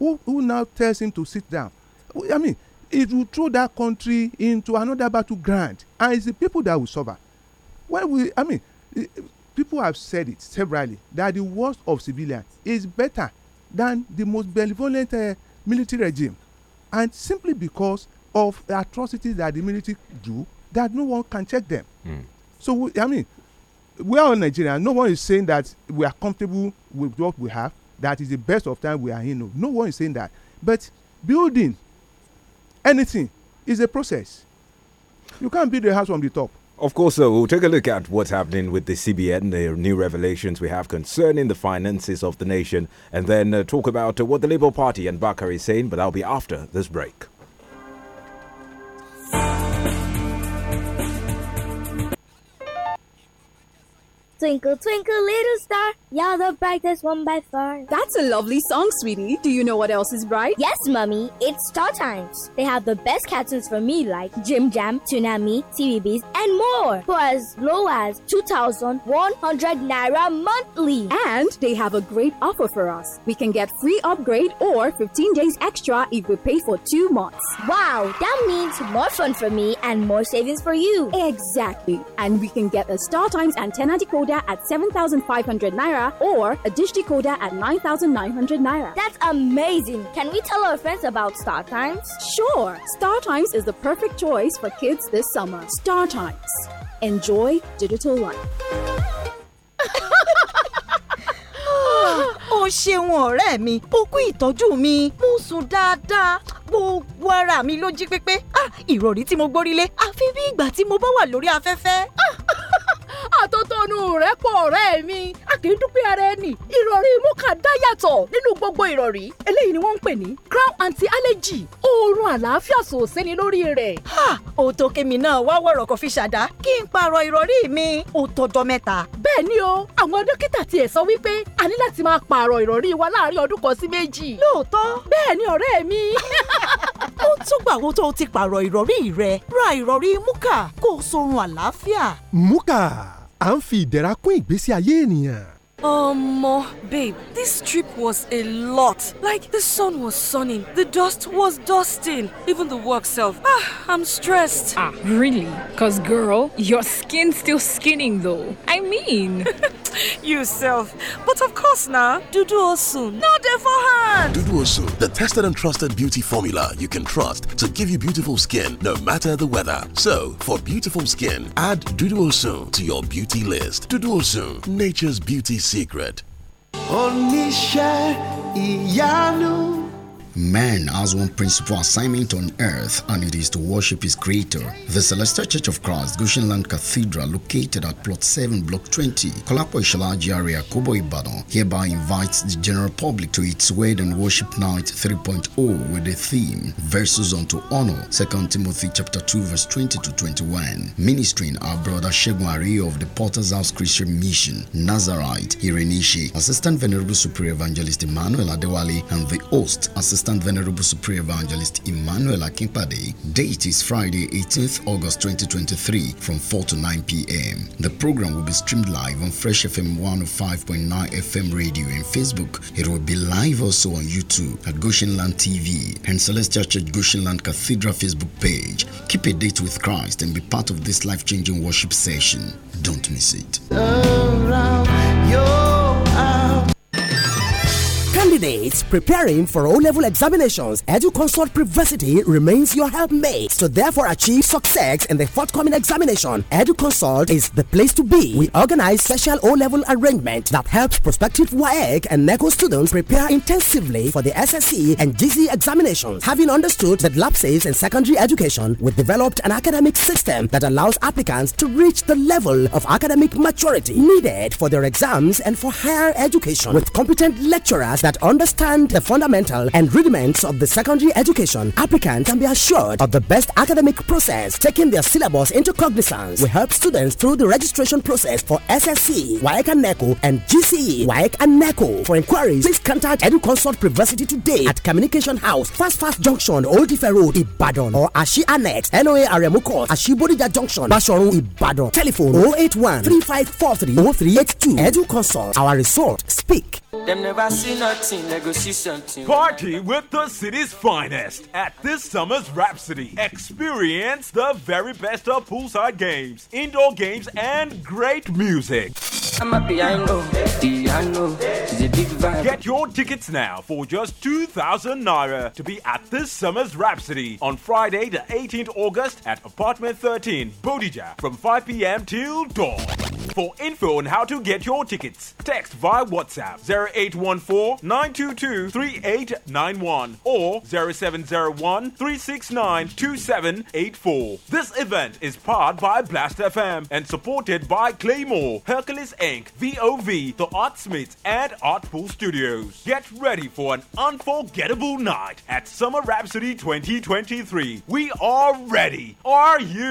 who who now tells him to sit down i mean it will throw that country into another battle ground, and it's the people that will suffer when we i mean people have said it severally that the worst of civilians is better than the most benevolent uh, military regime and simply because of the atrocities that the military do that no one can check them mm. so we, i mean we are all nigerians no one is saying that we are comfortable with what we have that is the best of time we are in no, one is saying that but building anything is a process you can't build a house from the top of course, so we'll take a look at what's happening with the CBN, the new revelations we have concerning the finances of the nation, and then uh, talk about uh, what the Labour Party and Bakar is saying, but that'll be after this break. Twinkle, twinkle, little star, you're the brightest one by far. That's a lovely song, sweetie. Do you know what else is bright? Yes, mummy, it's Star Times. They have the best cartoons for me like Jim Jam, Tsunami, TVBs, and more for as low as 2,100 naira monthly. And they have a great offer for us. We can get free upgrade or 15 days extra if we pay for two months. Wow, that means more fun for me and more savings for you. Exactly. And we can get a Star Times antenna decoder decoder at 7,500 naira or a dish decoder at 9,900 naira. That's amazing! Can we tell our friends about Star Times? Sure! Star Times is the perfect choice for kids this summer. Star Times. Enjoy digital life. ó ṣeun ọ̀rẹ́ mi ó kú ìtọ́jú mi mo sùn dáadáa gbogbo ara mi ló jí pépé ah ìrọ̀rí tí mo gbórí lé àfi bí ìgbà tí mo bá wà lórí afẹ́fẹ́. àtótónu rẹ̀ pọ̀ ọ̀rẹ́ mi a kì í dúpẹ́ ara ẹni ìrọ̀rí múkà dá yàtọ̀ nínú gbogbo ìrọ̀rí eléyìí ni wọ́n ń pè ní crown anti allergy oorun àlàáfíà sòsẹ́ ni lórí rẹ̀. òótọ́ kèmi náà wá wọ̀rọ̀ kò fi ṣàdá kí n pààrọ̀ ìrọ̀rí mi ó tọjọ́ mẹ́ta. bẹ́ẹ̀ ni o àwọn dókítà tiẹ̀ sọ wípé a ní láti máa pààrọ̀ ìrọ̀rí wa láàárín ọdún kan sí méjì. lóòótọ́ bẹ́ẹ̀ ni ọ̀rẹ́ mi. ó tún gbà wo tó ti pààrọ̀ ìrọ̀rí rẹ ra ìrọ̀rí múkà kó o sorun àlàáfíà. múkà à ń fi ìdẹ̀ra kún ìgbésí ayé ènìyàn. Omo, babe, this trip was a lot. Like, the sun was sunning, the dust was dusting, even the work self. Ah, I'm stressed. Ah, really? Cause, girl, your skin's still skinning though. I mean. yourself. But of course now, Dudu Osun. No day for hand. Dudu Osun, the tested and trusted beauty formula you can trust to give you beautiful skin no matter the weather. So, for beautiful skin, add Dudu Osun to your beauty list. Dudu Osun, nature's beauty secret. Oníṣẹ́ ìyanu. Man has one principal assignment on earth, and it is to worship his creator. The Celestial Church of Christ, Goshenland Cathedral, located at Plot 7, Block 20, Kolapo Ishalaji area, Kobo Ibadan, hereby invites the general public to its Wedding and Worship Night 3.0 with the theme Verses unto Honor, 2 Timothy chapter 2, verse 20 to 21. Ministering our brother Shegun of the Potter's House Christian Mission, Nazarite, Irenishi, Assistant Venerable Superior Evangelist Emmanuel Adewale, and the host, Assistant Assistant Venerable Supreme Evangelist Emmanuel Akimpade. Date is Friday, 18th August 2023 from 4 to 9 p.m. The program will be streamed live on Fresh FM 105.9 FM radio and Facebook. It will be live also on YouTube at Goshenland TV and Celestial Church Goshenland Cathedral Facebook page. Keep a date with Christ and be part of this life-changing worship session. Don't miss it. Candidates preparing for O-level examinations, EduConsult Privacy remains your helpmate. So therefore achieve success in the forthcoming examination. EduConsult is the place to be. We organize special O-level arrangement that helps prospective WAEC and NECO students prepare intensively for the SSE and GC examinations. Having understood that lapses in secondary education, we developed an academic system that allows applicants to reach the level of academic maturity needed for their exams and for higher education with competent lecturers that understand the fundamental and rudiments of the secondary education, applicants can be assured of the best academic process, taking their syllabus into cognizance. We help students through the registration process for SSC, WAEC and NECO, and GCE, WAEC and NECO. For inquiries, please contact EduConsult Privacy today at Communication House, Fast Fast Junction, Old Ife Road, Ibadan, or Ashi Annex, NOA Aremu Court, Ashibodija Junction, Bashoru, Ibadan. Telephone 081 3543 0382. EduConsult, our resort. Speak. Them never see nothing. Party with the city's finest at this summer's Rhapsody. Experience the very best of poolside games, indoor games, and great music. Get your tickets now for just 2,000 naira to be at this summer's Rhapsody on Friday, the 18th August at apartment 13, Bodija, from 5 pm till dawn. For info on how to get your tickets, text via WhatsApp 0814 922 3891 or 0701 369 2784. This event is powered by Blast FM and supported by Claymore, Hercules Inc., VOV, The Artsmiths, and Artpool Studios. Get ready for an unforgettable night at Summer Rhapsody 2023. We are ready. Are you?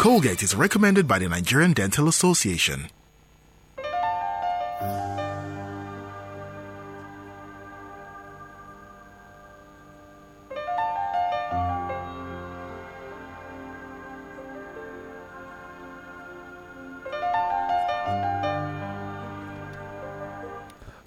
Colgate is recommended by the Nigerian Dental Association.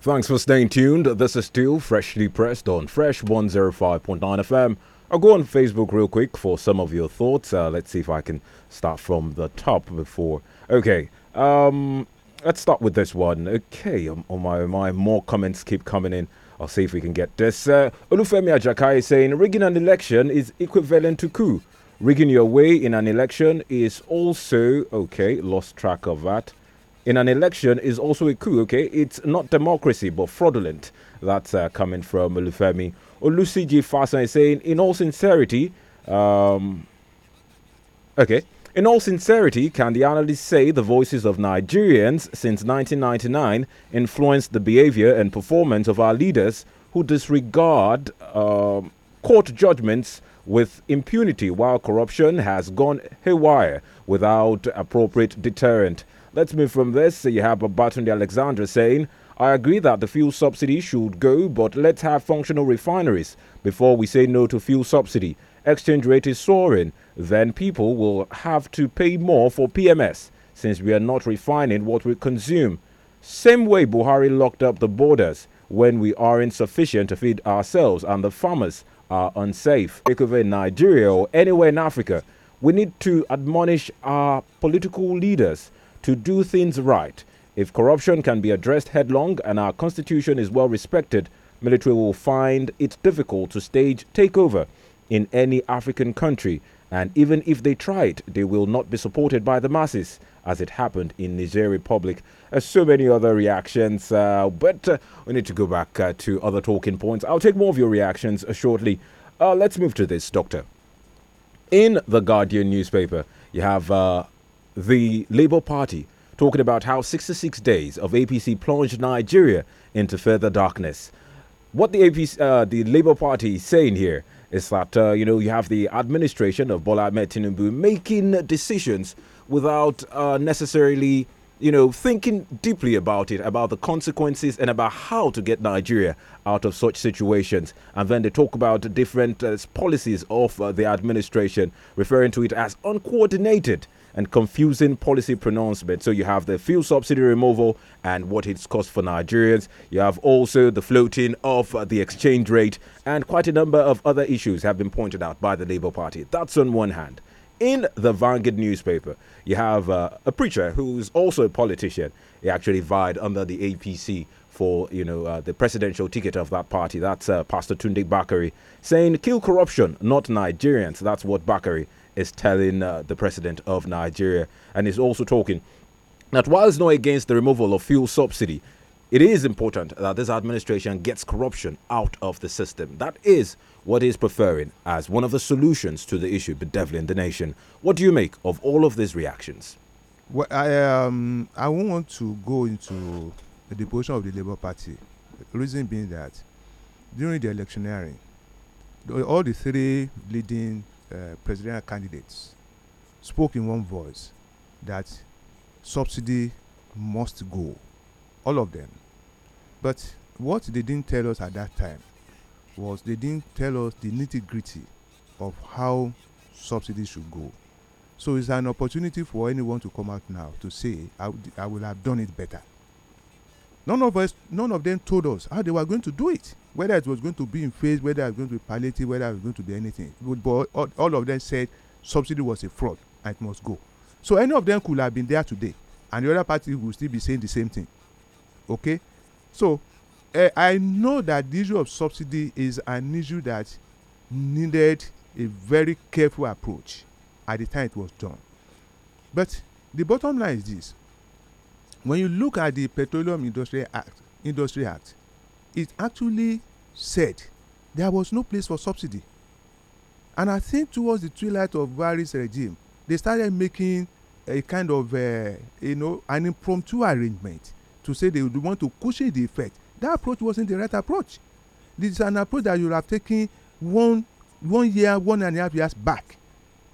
Thanks for staying tuned. This is still freshly pressed on Fresh 105.9 FM. I'll go on Facebook real quick for some of your thoughts. Uh, let's see if I can start from the top before. Okay, um, let's start with this one. Okay, um, oh my, oh my, more comments keep coming in. I'll see if we can get this. Uh, Olufemi Ajakai is saying rigging an election is equivalent to coup. Rigging your way in an election is also okay. Lost track of that. In an election is also a coup. Okay, it's not democracy but fraudulent. That's uh, coming from Olufemi. Olusi G. Fasan is saying, in all sincerity, um, okay. In all sincerity, can the analysts say the voices of Nigerians since 1999 influenced the behavior and performance of our leaders who disregard uh, court judgments with impunity while corruption has gone haywire without appropriate deterrent? Let's move from this. You have Abatunde Alexandra saying, I agree that the fuel subsidy should go, but let's have functional refineries before we say no to fuel subsidy exchange rate is soaring, then people will have to pay more for PMS since we are not refining what we consume. Same way Buhari locked up the borders when we are insufficient to feed ourselves and the farmers are unsafe. Takeover in Nigeria or anywhere in Africa, we need to admonish our political leaders to do things right. If corruption can be addressed headlong and our constitution is well respected, military will find it difficult to stage takeover in any African country, and even if they tried, they will not be supported by the masses, as it happened in Niger Republic. Uh, so many other reactions, uh, but uh, we need to go back uh, to other talking points. I'll take more of your reactions uh, shortly. Uh, let's move to this, Doctor. In the Guardian newspaper, you have the Labour Party talking about how 66 days of APC plunged Nigeria into further darkness. What the APC, the Labour Party is saying here is that, uh, you know, you have the administration of Bola Ahmed Tinubu making decisions without uh, necessarily, you know, thinking deeply about it, about the consequences and about how to get Nigeria out of such situations. And then they talk about different uh, policies of uh, the administration, referring to it as uncoordinated and confusing policy pronouncement. So you have the fuel subsidy removal and what it's cost for Nigerians. You have also the floating of the exchange rate, and quite a number of other issues have been pointed out by the Labour Party. That's on one hand. In the Vanguard newspaper, you have uh, a preacher who's also a politician. He actually vied under the APC for you know uh, the presidential ticket of that party. That's uh, Pastor Tunde Bakari saying, "Kill corruption, not Nigerians." That's what Bakari is telling uh, the president of Nigeria. And is also talking that while it's not against the removal of fuel subsidy, it is important that this administration gets corruption out of the system. That is what he's preferring as one of the solutions to the issue bedeviling the nation. What do you make of all of these reactions? Well, I um I won't want to go into the position of the Labour Party. reason being that during the electioneering, all the three leading Uh, presidential candidates spoke in one voice that subsidy must go, all of them. But what they didn't tell us at that time was they didn't tell us the nitty gritty of how subsidies should go. So it's an opportunity for anyone to come out now to say, I, I will have done it better. None of us, none of them told us how they were going to do it, whether it was going to be in phase, whether it was going to be palliative, whether it was going to be anything. But, all, all of them said subsidy was a fraud and it must go. So any of them could have been there today, and the other party would still be saying the same thing. Okay, so uh, I know that the issue of subsidy is an issue that needed a very careful approach at the time it was done. But the bottom line is this when you look at the Petroleum Industry Act, Industry Act, it actually said there was no place for subsidy. And I think towards the twilight of Buhari's regime, they started making a kind of, uh, you know, an impromptu arrangement to say they would want to cushion the effect. That approach wasn't the right approach. This is an approach that you have taken one one year, one and a half years back,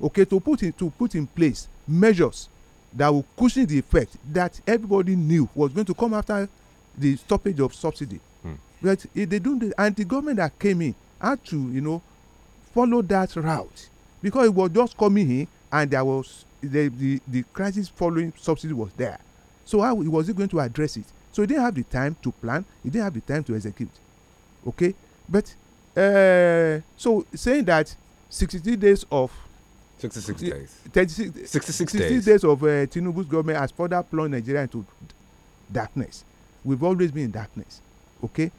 okay, to put in to put in place measures that will cushion the effect that everybody knew was going to come after the stoppage of subsidy. Mm. But they don't, and the government that came in had to, you know, follow that route because it was just coming in and there was the the, the crisis following subsidy was there. So how was it going to address it? So he didn't have the time to plan. He didn't have the time to execute. Okay, but uh, so saying that sixty-three days of 66 days. 36, 66 days. days of uh, Tinubu's government has further plunged Nigeria into darkness. We've always been in darkness. Okay?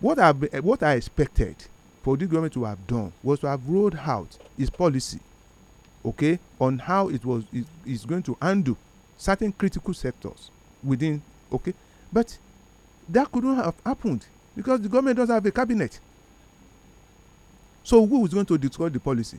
What, i eh, what I expected for this government to have done was to have rolled out its policy, okay, on how it was it, is going to undo certain critical sectors within, okay. But that could not have happened because the government doesn't have a cabinet. So who is going to dictate the policy?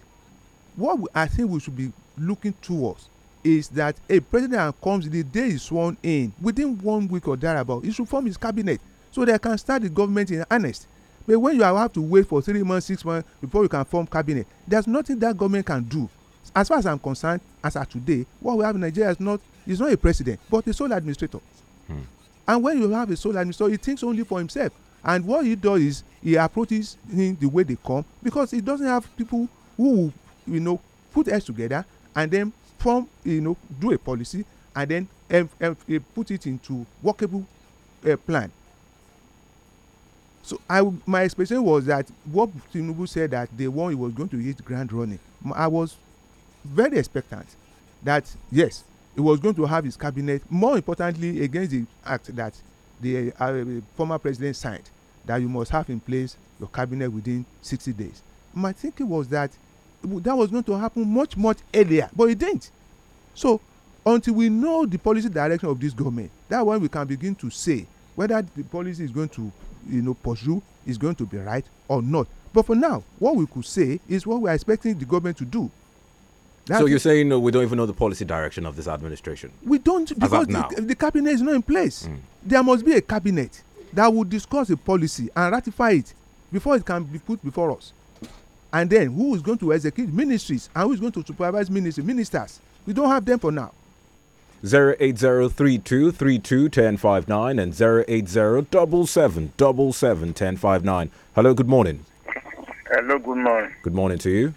what we, I think we should be looking towards is that a president comes the day he's sworn in within one week or thereabout he should form his cabinet so they can start the government in earnest but when you have to wait for three months six months before you can form cabinet there's nothing that government can do as far as i'm concerned as at today what we have in nigeria is not is not a president but a sole administrator hmm. and when you have a sole administrator he thinks only for himself and what he does is he approaches him the way they come because he doesn't have people who will you know put heads together and then form you know do a policy and then um, um, uh, put it into workable uh, plan so i my expectation was that what tinubu said that the one he was going to hit grand running i was very expectant that yes he was going to have his cabinet more importantly against the act that the uh, former president signed that you must have in place your cabinet within sixty days my thinking was that that was going to happen much much earlier but it didn't so until we know the policy direction of this government that one we can begin to say whether the policy is going to you know pursue is going to be right or not but for now what we could say is what we are expecting the government to do so you're saying no, we don't even know the policy direction of this administration. We don't because the, the, cabinet is not in place. Mm. There must be a cabinet that will discuss a policy and ratify it before it can be put before us and then who is going to execute ministries and who is going to supervise ministry ministers we don't have them for now 08032321059 and 08077771059 hello good morning hello good morning good morning to you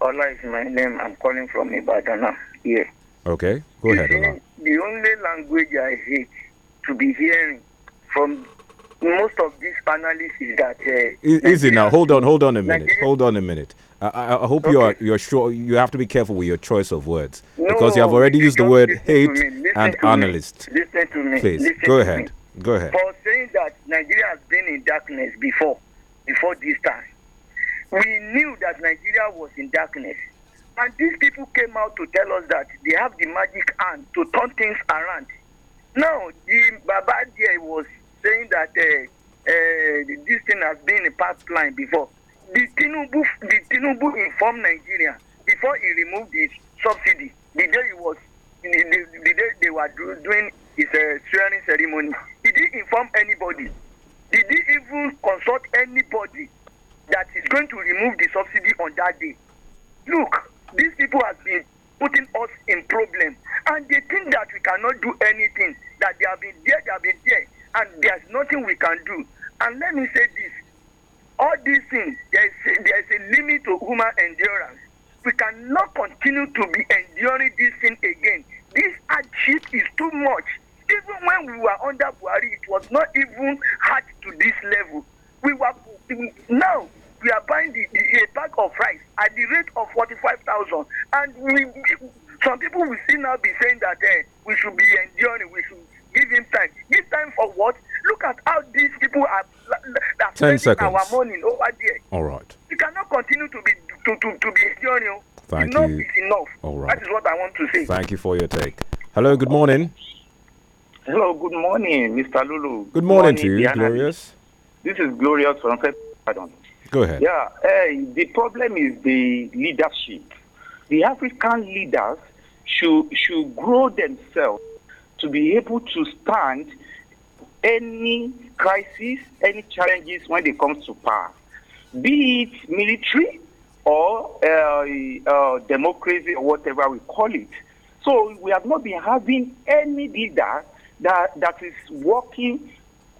Ola is my name i'm calling from Ibadan Yeah. okay go you ahead see, the only language i hate to be hearing from most of these panelists is that. Uh, easy now. Hold on. Hold on a minute. Nigeria. Hold on a minute. I, I, hope okay. you are you're sure you have to be careful with your choice of words no, because you have already used the word hate and analyst. Me. Listen to me. Please listen go ahead. Me. Go ahead. For saying that Nigeria has been in darkness before, before this time, we knew that Nigeria was in darkness, and these people came out to tell us that they have the magic hand to turn things around. Now the Baba there was saying that uh, uh, this thing has been a pipeline before. The Tinubu, the Tinubu informed Nigeria before he removed his subsidy. The day he was, the, the, the day they were do, doing his uh, swearing ceremony, he didn't inform anybody. Did he even consult anybody that is going to remove the subsidy on that day? Look, these people have been putting us in problem, and they think that we cannot do anything. That they have been there, they have been there and there's nothing we can do. And let me say this all these things, there is a, there is a limit to human endurance. We cannot continue to be enduring this thing again. This hardship is too much. Even when we were under Buhari, it was not even hard to this level. We were now we are buying the, the, a bag of rice at the rate of forty-five thousand, and we, some people will still now be saying that eh, we should be enduring, we should Give him time. Give time for what? Look at how these people are, that Ten seconds. our money over there. All right. You cannot continue to be to, to, to be enduring. Oh. Thank enough you. is enough. All right. That is what I want to say. Thank you for your take. Hello, good morning. Hello, good morning, Mr. Lulu. Good morning, good morning to you, Diana. Glorious. This is Glorious from Pardon. Go ahead. Yeah, uh, the problem is the leadership. The African leaders should should grow themselves to be able to stand any crisis, any challenges when it comes to power, be it military or uh, uh, democracy or whatever we call it. So we have not been having any leader that, that is working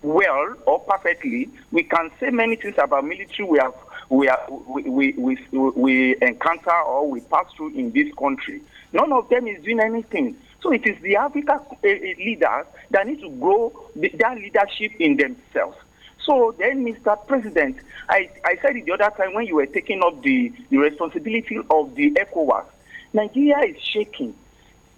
well or perfectly. We can say many things about military we have we, are, we, we, we, we encounter or we pass through in this country. None of them is doing anything. So it is the Africa eh, eh, leaders that need to grow their leadership in themselves. So then, Mr. President, I, I said it the other time when you were taking up the, the responsibility of the ECOWAS. Nigeria is shaking.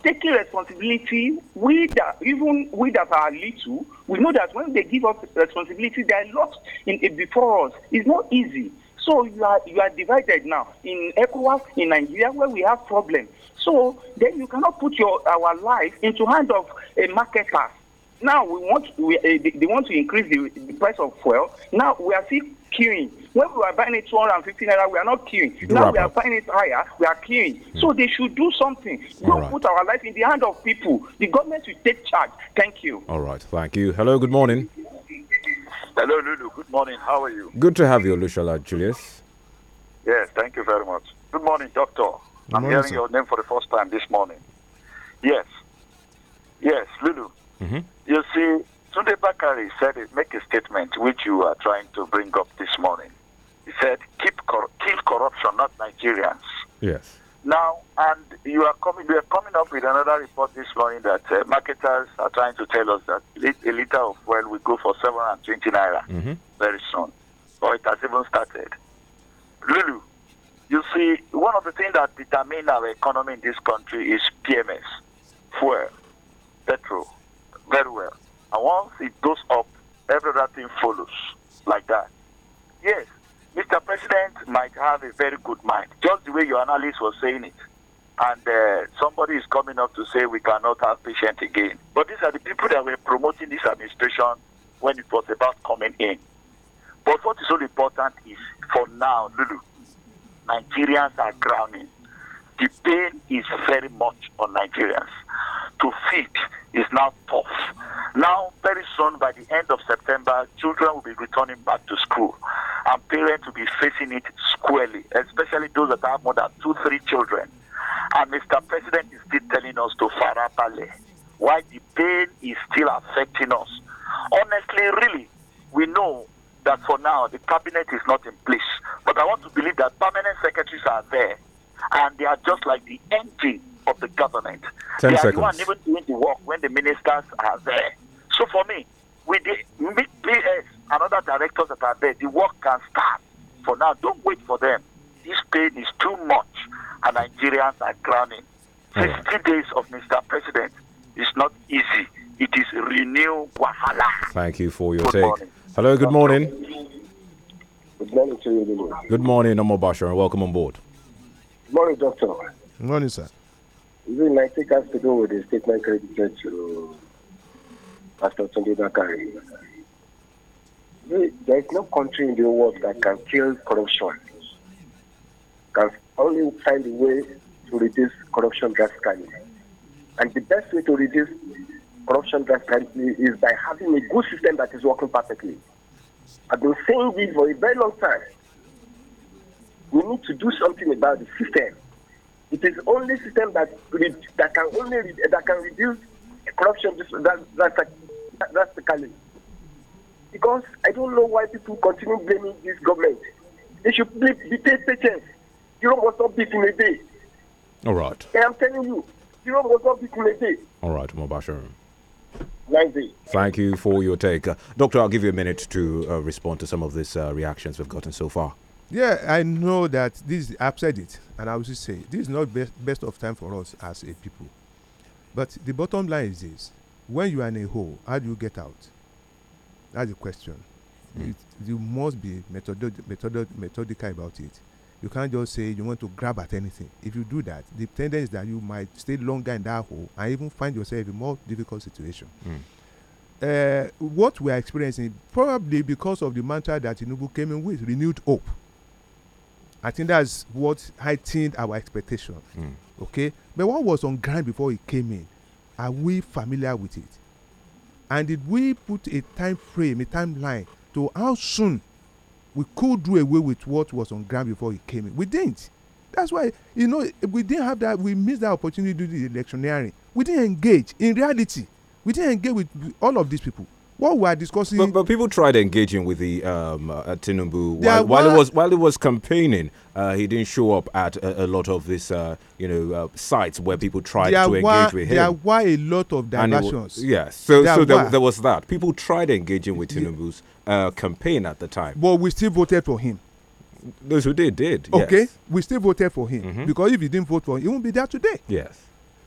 Taking responsibility, we that, even we that are little, we know that when they give us responsibility, there are lots in, in, eh, before us. It's not easy. So you are, you are divided now in ECOWAS, in Nigeria, where we have problems. So then you cannot put your our life into hand of a marketer. Now we want we, uh, they, they want to increase the, the price of fuel. Now we are still queuing. When we are buying it 250 naira, we are not queuing. Now we are buying it higher, we are queuing. Mm. So they should do something. Don't right. put our life in the hand of people. The government should take charge. Thank you. All right. Thank you. Hello. Good morning. Hello, Lulu. Good morning. How are you? Good to have you, Lushala Julius. Yes. Thank you very much. Good morning, Doctor. I'm morning, hearing sir. your name for the first time this morning. Yes. Yes, Lulu. Mm -hmm. You see, Sunday Bakari said it, make a statement which you are trying to bring up this morning. He said, keep cor kill corruption, not Nigerians. Yes. Now, and you are coming, we are coming up with another report this morning that uh, marketers are trying to tell us that a liter of oil will go for 720 naira mm -hmm. very soon. Or it has even started. Lulu, you see, one of the things that determine our economy in this country is PMS, fuel, petrol, very well. And once it goes up, every other thing follows like that. Yes, Mr. President might have a very good mind, just the way your analyst was saying it. And uh, somebody is coming up to say we cannot have patience again. But these are the people that were promoting this administration when it was about coming in. But what is so important is for now, Lulu, Nigerians are drowning. The pain is very much on Nigerians. To feed is now tough. Now, very soon, by the end of September, children will be returning back to school, and parents will be facing it squarely, especially those that have more than two, three children. And Mr. President is still telling us to farapale. Why the pain is still affecting us. Honestly, really, we know that for now the cabinet is not in place. But I want to believe that permanent secretaries are there and they are just like the engine of the government. Ten they seconds. are the one even doing the work when the ministers are there. So for me, with the PS and other directors that are there, the work can start. For now, don't wait for them. This pain is too much and Nigerians are drowning. 60 right. days of Mr. President is not easy. It is renew Thank you for your Good take. Morning. Hello, good morning. Good morning to you. Good morning, Omar Bashar, and welcome on board. Good morning, Doctor. Good morning, sir. Even I think has to do with the statement credited to Pastor Tunde Bakari. There is no country in the world that can kill corruption. Can only find a way to reduce corruption drastically. And the best way to reduce corruption transparency is by having a good system that is working perfectly. I've been saying this for a very long time. We need to do something about the system. It is only system that that can only that can reduce corruption. That, that's a, challenge. Because I don't know why people continue blaming this government. They should be, be paid paychecks. Europe was not big a day. All right. And I'm telling you, Europe was not big in a day. All right, Mobashirin. Thank you for your take. Uh, doctor, I'll give you a minute to uh, respond to some of these uh, reactions we've gotten so far. Yeah, I know that this, I've said it, and I will just say this is not best, best of time for us as a people. But the bottom line is this when you are in a hole, how do you get out? That's the question. Mm. It, you must be methodical about it. you can't just say you want to grab at anything if you do that the tendency is that you might stay longer in that hole and even find yourself in more difficult situation. Mm. Uh, what we are experiencing probably because of the mantra that Tinubu came in with renewed hope. I think that's what heightened our expectation. Mm. Okay, but what was on ground before he came in? Are we familiar with it? And did we put a time frame, a timeline to how soon we could do away with what was on ground before he came in. We didn't. That's why, you know, we didn't have that, we missed that opportunity to do the electioneering. We didn't engage in reality. We didn't engage with all of these people. what we are discussing. But, but, people tried engaging with the um, uh, Tinubu while, while, it was while it was campaigning. Uh, he didn't show up at a, a lot of these uh, you know uh, sites where people tried to engage with him. There were a lot of diversions. Yes, yeah, so there so there, there, was that. People tried engaging with Tinubu's uh, campaign at the time. But we still voted for him. Those who did did. Okay, yes. we still voted for him mm -hmm. because if you didn't vote for him, he won't be there today. Yes.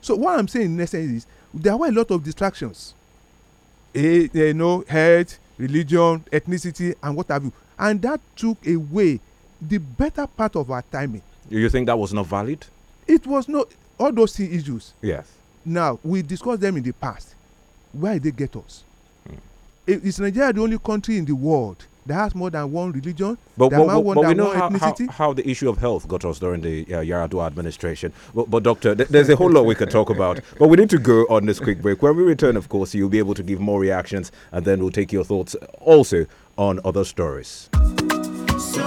So what I'm saying in essence is there were a lot of distractions Eh, you know, health, religion, ethnicity, and what have you. And that took away the better part of our timing. You think that was not valid? It was not. All those three issues. Yes. Now, we discussed them in the past. Where did they get us? Mm. Is Nigeria the only country in the world that has more than one religion, but, but, but, but we know how, how, how, the issue of health got us during the uh, Yaradua administration. But, but doctor, th there's a whole lot we could talk about. But we need to go on this quick break. When we return, of course, you'll be able to give more reactions, and then we'll take your thoughts also on other stories. So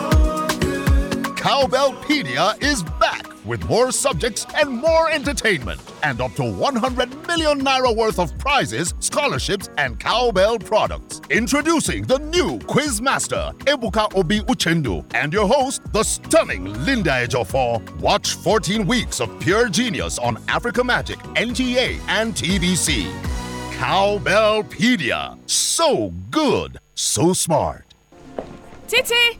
Cowbellpedia is back with more subjects and more entertainment, and up to 100 million naira worth of prizes, scholarships, and cowbell products. Introducing the new Quiz Master, Ebuka Obi Uchendu, and your host, the stunning Linda Ejofor. Watch 14 weeks of pure genius on Africa Magic, NTA, and TBC. Cowbellpedia. So good, so smart. Titi!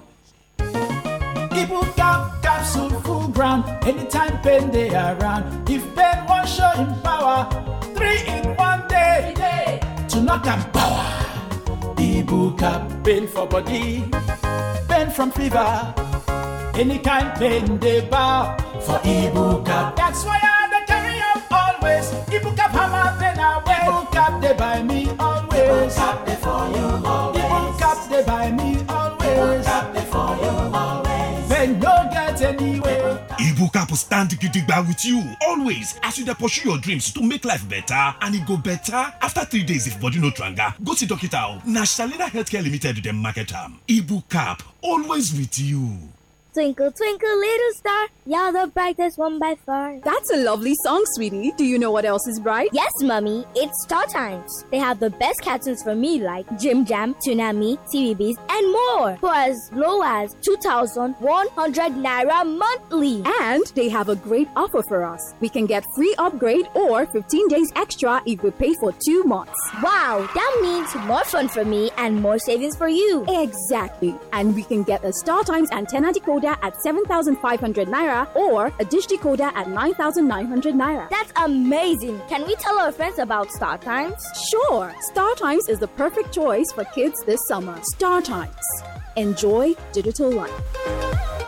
People cap capsule full ground. Anytime pen they are around. If pen one show him power, three in one day. To knock am power. People cap pain for body, pain from fever. Any kind pain they bow for Ibuka. That's why I don't carry up always. Ibuka hammer pain away. Ibuka they buy me always. Ibuka they for you always. Ibuka they buy me always. Ibuka they for you always. Okapo will stand gidigba with you always as you dey pursue your dreams to make life better and e go better after three days if body no tranga go see dokita o na shalina healthcare limited dem market am ibu cap always with you. Twinkle, twinkle, little star, you're the brightest one by far. That's a lovely song, sweetie. Do you know what else is bright? Yes, mummy, it's Star Times. They have the best cartoons for me like Jim Jam, Tsunami, TVBs, and more for as low as 2,100 naira monthly. And they have a great offer for us. We can get free upgrade or 15 days extra if we pay for two months. Wow, that means more fun for me and more savings for you. Exactly. And we can get a Star Times antenna decoder decoder at 7,500 naira or a dish decoder at 9,900 naira. That's amazing. Can we tell our friends about Star Times? Sure. Star Times is the perfect choice for kids this summer. Star Times. Enjoy digital life.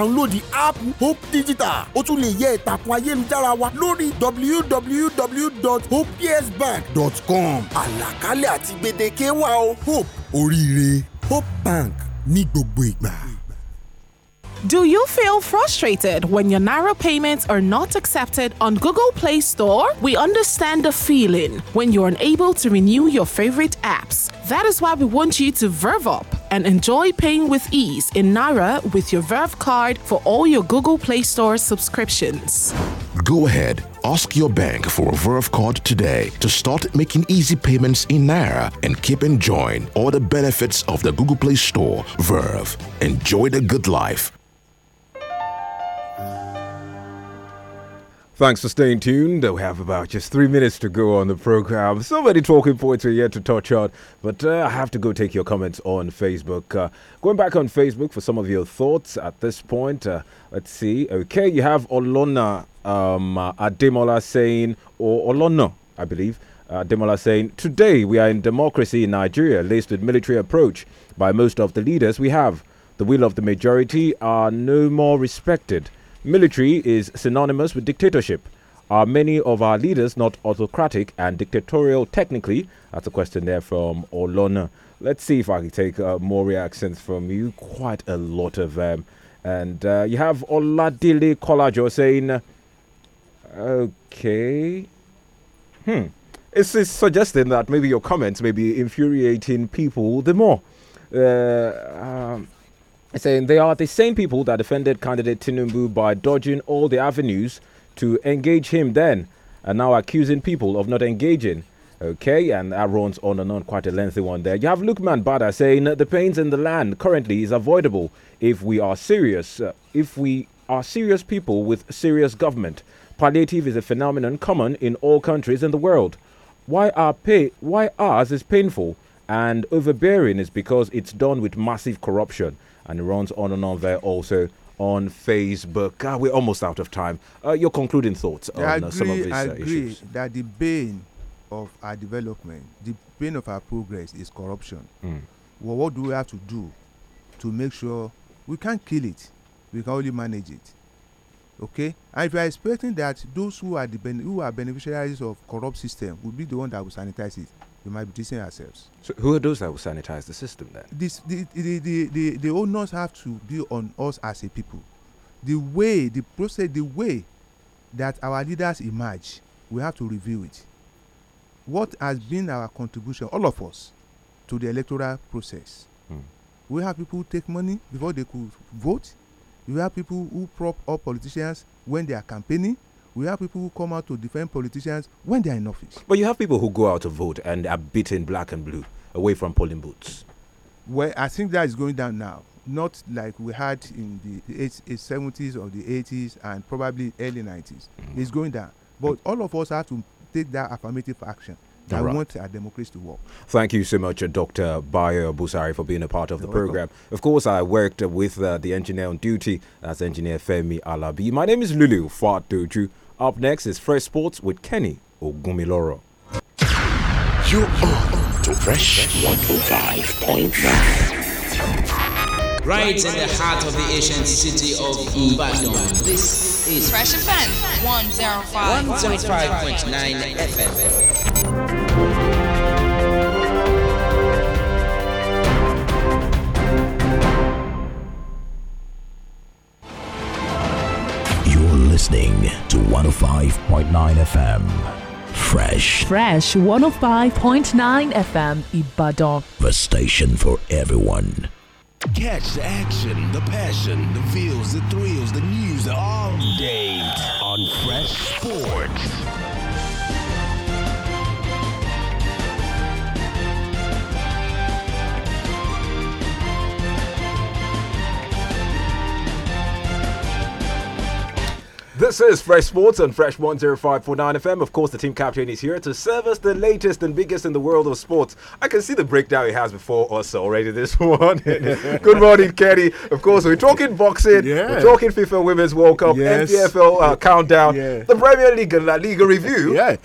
download the app hope digital ó tún lè yẹ ìtàkùn ayélujára wa lórí www.hopeisbank.com àlàkalẹ̀ àti gbèdéke wa o hope oríire hope bank ní gbogbo ìgbà. Do you feel frustrated when your Naira payments are not accepted on Google Play Store? We understand the feeling when you're unable to renew your favorite apps. That is why we want you to verve up and enjoy paying with ease in Naira with your Verve card for all your Google Play Store subscriptions. Go ahead, ask your bank for a Verve card today to start making easy payments in Naira and keep enjoying all the benefits of the Google Play Store. Verve, enjoy the good life. Thanks for staying tuned. We have about just three minutes to go on the program. So many talking points are yet to touch on, but uh, I have to go take your comments on Facebook. Uh, going back on Facebook for some of your thoughts at this point. Uh, let's see. Okay, you have Olona um, uh, Ademola saying, or Olona, I believe. Uh, Demola saying, Today we are in democracy in Nigeria, laced with military approach by most of the leaders we have. The will of the majority are no more respected Military is synonymous with dictatorship. Are many of our leaders not autocratic and dictatorial technically? That's a question there from Olona. Let's see if I can take uh, more reactions from you. Quite a lot of them. And uh, you have Oladile Kolajo saying, okay. Hmm. It's, it's, suggesting that maybe your comments may be infuriating people the more. Uh, um, saying they are the same people that defended candidate Tinubu by dodging all the avenues to engage him then, and now accusing people of not engaging. Okay, and that runs on and on, quite a lengthy one there. You have Lukman Bada saying the pains in the land currently is avoidable if we are serious. Uh, if we are serious people with serious government, palliative is a phenomenon common in all countries in the world. Why our pay, why ours is painful and overbearing is because it's done with massive corruption and it runs on and on there also on Facebook. Ah, we're almost out of time. Uh, your concluding thoughts on agree, uh, some of these I uh, agree issues? that the bane of our development, the bane of our progress is corruption. Mm. Well, what do we have to do to make sure we can't kill it? We can only manage it. Okay, and if you are expecting that those who are the who are beneficiaries of corrupt system will be the one that will sanitize it, we might be deceiving ourselves. So who are those that will sanitize the system then? This, the, the, the, the, the owners have to be on us as a people. The way, the process, the way that our leaders emerge, we have to review it. What has been our contribution, all of us, to the electoral process? Mm. We have people who take money before they could vote. We have people who prop up politicians when they are campaigning we have people who come out to defend politicians when they are in office. But you have people who go out to vote and are beaten black and blue away from polling booths. Well, I think that is going down now. Not like we had in the 70s or the 80s and probably early 90s. Mm. It's going down. But all of us have to take that affirmative action. I right. want our democracy to work. Thank you so much, uh, Dr. Bayo Busari, for being a part of You're the welcome. program. Of course, I worked with uh, the engineer on duty, that's engineer Femi Alabi. My name is Lulu Fatuju. Up next is Fresh Sports with Kenny Ogumiloro. You are on to Fresh 105.9. Right in the heart of the ancient city of Ibadan, this is Fresh Offense 105.9 FM. listening to 105.9 FM. Fresh. Fresh 105.9 FM Ibadan. The station for everyone. Catch the action, the passion, the feels, the thrills, the news all day on Fresh Sports. This is Fresh Sports on Fresh 10549 FM. Of course, the team captain is here to serve us the latest and biggest in the world of sports. I can see the breakdown he has before us already this morning. Good morning, Kenny. Of course, we're talking boxing, yeah. we're talking FIFA Women's World Cup, yes. NPFL uh, countdown, yeah. the Premier League and La Liga review. yeah.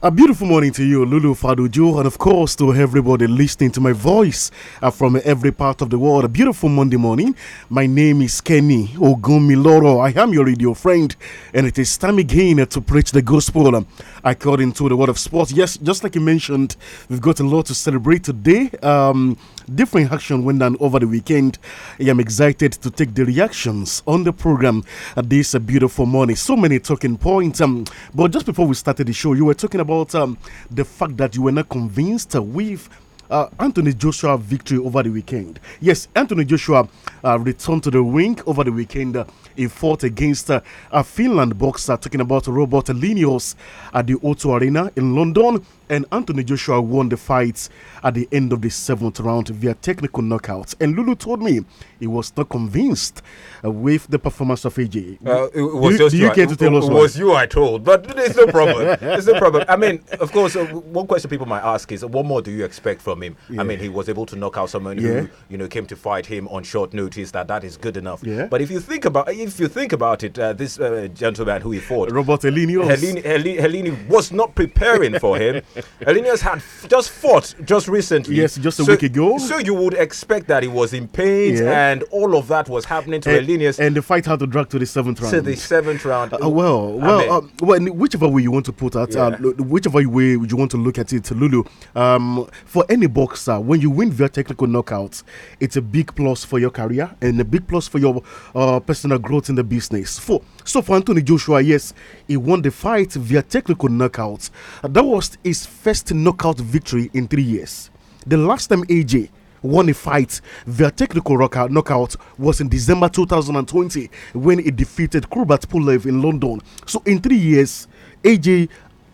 A beautiful morning to you, Lulu Fadujo, and of course to everybody listening to my voice uh, from every part of the world. A beautiful Monday morning. My name is Kenny Ogumiloro. I am your radio friend and it is time again to preach the gospel according to the word of sports. Yes, just like you mentioned, we've got a lot to celebrate today. Um, different action went down over the weekend. I am excited to take the reactions on the program at this beautiful morning. So many talking points. Um, but just before we started the show, you were talking about um, the fact that you were not convinced with uh, Anthony Joshua victory over the weekend. Yes, Anthony Joshua uh, returned to the ring over the weekend. Uh, he fought against uh, a Finland boxer, talking about Robert Linios at the O2 Arena in London and Anthony Joshua won the fight at the end of the seventh round via technical knockout. And Lulu told me he was not convinced uh, with the performance of AJ. Uh, it was do, just do you, care I, to tell us? It was you I told, but it's no problem. it's no problem. I mean, of course, uh, one question people might ask is, what more do you expect from him? Yeah. I mean, he was able to knock out someone yeah. who you know came to fight him on short notice. That that is good enough. Yeah. But if you think about if you think about it, uh, this uh, gentleman who he fought, Robert Helini, Helini, Helini was not preparing for him. Elenius had just fought just recently. Yes, just a so, week ago. So you would expect that he was in pain yeah. and all of that was happening to and, And the fight had to drag to the seventh round. To the seventh round. Uh, well, well, uh, well, whichever way you want to put it, yeah. uh, whichever way you want to look at it, Lulu, um, for any boxer, when you win via technical knockout, it's a big plus for your career and a big plus for your uh, personal growth in the business. For so for Anthony Joshua, yes, he won the fight via technical knockout. That was his first knockout victory in three years. The last time AJ won a fight their technical knockout was in December 2020 when he defeated Krubat Pulev in London. So in three years, AJ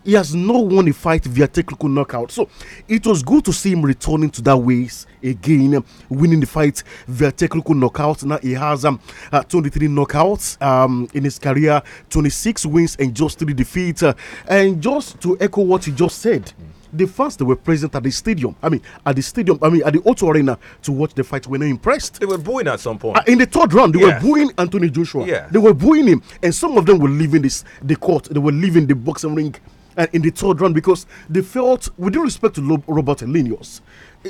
he has not won a fight via technical knockout. So it was good to see him returning to that ways again, winning the fight via technical knockout. Now he has um, uh, 23 knockouts um, in his career, 26 wins, and just three defeats. Uh, and just to echo what he just said, the fans that were present at the stadium, I mean, at the stadium, I mean, at the Auto Arena to watch the fight were not impressed. They were booing at some point. Uh, in the third round, they were booing Anthony Joshua. Yeah. They were booing him. And some of them were leaving this, the court, they were leaving the boxing ring uh, in the third round because they felt, with due respect to Robert and Linius, uh,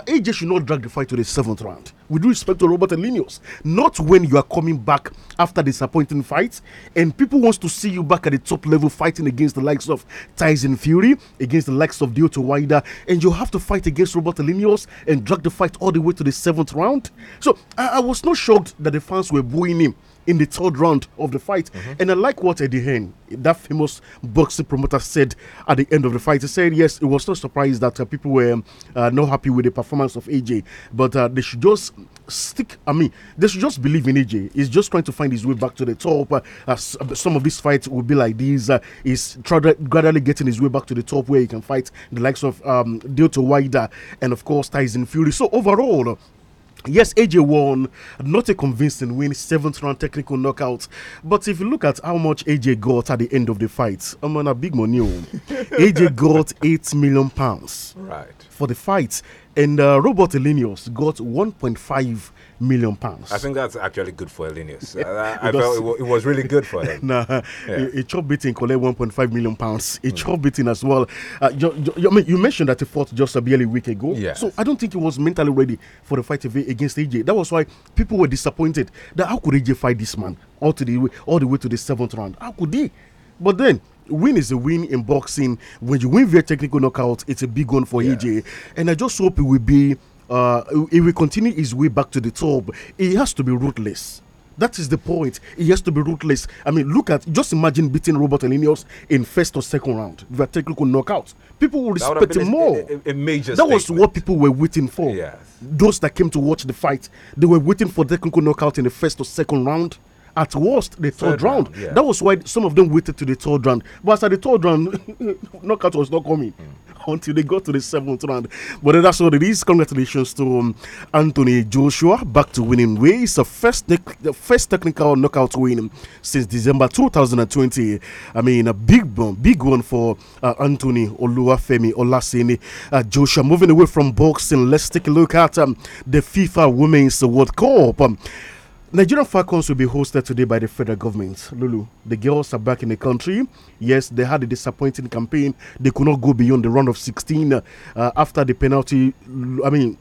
AJ should not drag the fight to the seventh round. With respect to Robert and Linius, not when you are coming back after disappointing fights and people wants to see you back at the top level fighting against the likes of Tyson Fury, against the likes of Deontay Wilder, and you have to fight against Robert and Linius and drag the fight all the way to the seventh round. So I, I was not shocked that the fans were booing him in the third round of the fight. Mm -hmm. And I like what Eddie Hearn, that famous boxing promoter, said at the end of the fight. He said, yes, it was not surprised that uh, people were uh, not happy with the performance of AJ, but uh, they should just stick. I mean, they should just believe in AJ. He's just trying to find his way back to the top. Uh, some of these fights will be like these. Uh, he's gradually getting his way back to the top where he can fight the likes of um, Dilto Wider and, of course, Tyson Fury. So overall, Yes, AJ won, not a convincing win, seventh round technical knockout. But if you look at how much AJ got at the end of the fight, I'm on a big money. Oh. AJ got eight million pounds right. for the fight, and uh, Robert Elenius got 1.5 million pounds. I think that's actually good for Linus. Yeah, I, felt it, it, was really good for him. nah, yeah. a, chop beating collect 1.5 million pounds. A mm. chop beating as well. Uh, you, you, you, mentioned that he fought just a barely a week ago. Yeah. So I don't think he was mentally ready for the fight against AJ. That was why people were disappointed that how could AJ fight this man all to the way, all the way to the seventh round? How could he? But then win is a win in boxing. When you win via technical knockout, it's a big one for AJ. And I just hope it will be uh, he will continue his way back to the top. He has to be ruthless. That is the point. He has to be ruthless. I mean, look at just imagine beating Robert Elenius in first or second round with a technical knockout. People will respect him more. A, a major. That statement. was what people were waiting for. Yes. Those that came to watch the fight, they were waiting for technical knockout in the first or second round at worst the third, third round. round yeah. That was why some of them waited to the third round. But at the third round, knockout was not coming. Mm. Until they got to the seventh round, but that's what it is. Congratulations to um, Anthony Joshua back to winning ways. The first, the first technical knockout win since December 2020. I mean, a big one, big one for uh, Anthony Oluwafemi Olasini uh, Joshua. Moving away from boxing, let's take a look at um, the FIFA Women's World Cup. Um, Nigerian Falcons will be hosted today by the federal government. Lulu, the girls are back in the country. Yes, they had a disappointing campaign. They could not go beyond the round of 16 uh, after the penalty. I mean,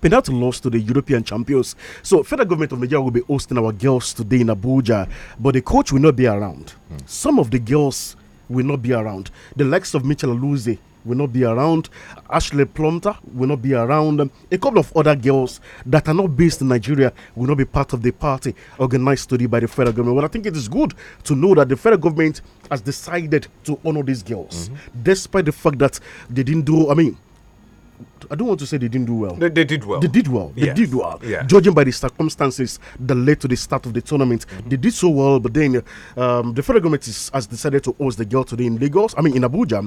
penalty loss to the European champions. So, federal government of Nigeria will be hosting our girls today in Abuja, but the coach will not be around. Mm. Some of the girls will not be around. The likes of Mitchell Aluze will not be around. Ashley Plumter will not be around. A couple of other girls that are not based in Nigeria will not be part of the party organized study by the federal government. Well, I think it is good to know that the federal government has decided to honor these girls, mm -hmm. despite the fact that they didn't do, I mean, I don't want to say they didn't do well. They, they did well. They did well. Yes. They did well. Judging by the circumstances that led to the start of the tournament, mm -hmm. they did so well. But then um, the federal government is, has decided to host the girl today in Lagos. I mean in Abuja.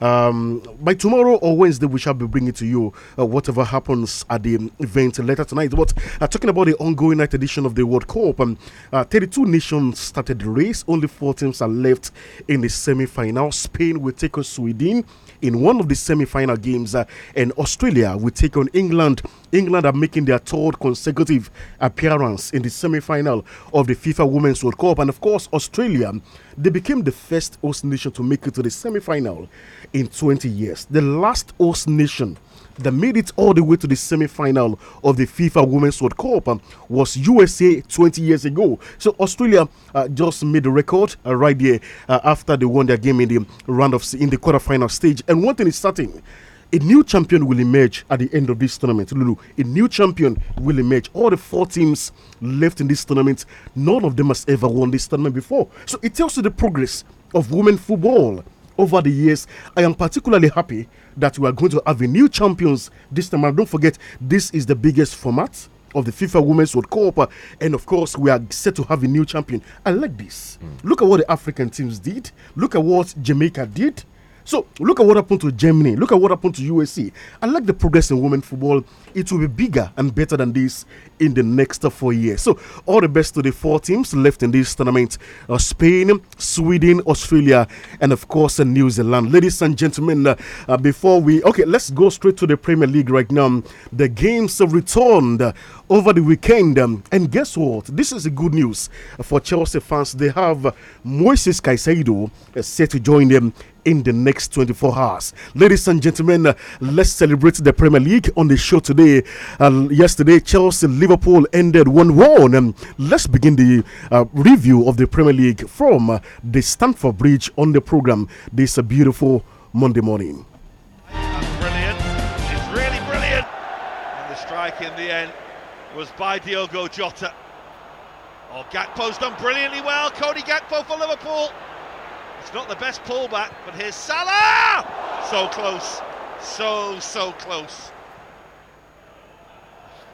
Um, by tomorrow or Wednesday, we shall be bringing to you uh, whatever happens at the um, event later tonight. But uh, talking about the ongoing night edition of the World Cup, um, uh, 32 nations started the race. Only four teams are left in the semi-final. Spain will take on Sweden in one of the semi-final games, uh, and Australia will take on England. England are making their third consecutive appearance in the semi-final of the FIFA Women's World Cup, and of course, Australia they became the first host nation to make it to the semi-final in 20 years. The last host nation that made it all the way to the semi-final of the FIFA Women's World Cup um, was USA 20 years ago. So Australia uh, just made the record uh, right there uh, after they won their game in the round of in the quarter-final stage. And one thing is certain. A new champion will emerge at the end of this tournament, Lulu. A new champion will emerge. All the four teams left in this tournament, none of them has ever won this tournament before. So it tells you the progress of women football over the years. I am particularly happy that we are going to have a new champions this time. And don't forget, this is the biggest format of the FIFA Women's World Cup. And of course, we are set to have a new champion. I like this. Mm. Look at what the African teams did. Look at what Jamaica did. So look at what happened to Germany. Look at what happened to U.S.C. I like the progress in women football. It will be bigger and better than this in the next four years. So all the best to the four teams left in this tournament: uh, Spain, Sweden, Australia, and of course uh, New Zealand. Ladies and gentlemen, uh, uh before we okay, let's go straight to the Premier League right now. The games returned over the weekend. Um, and guess what? This is the good news for Chelsea fans. They have Moises Caicedo uh, set to join them in the next 24 hours. Ladies and gentlemen, uh, let's celebrate the Premier League on the show today. Uh, yesterday, Chelsea Liverpool ended 1 1. Um, let's begin the uh, review of the Premier League from uh, the Stamford Bridge on the program this beautiful Monday morning. Brilliant. It's really brilliant. And the strike in the end was by Diogo Jota. Oh, Gakpo's done brilliantly well. Cody Gakpo for Liverpool. It's not the best pullback, but here's Salah! So close. So, so close.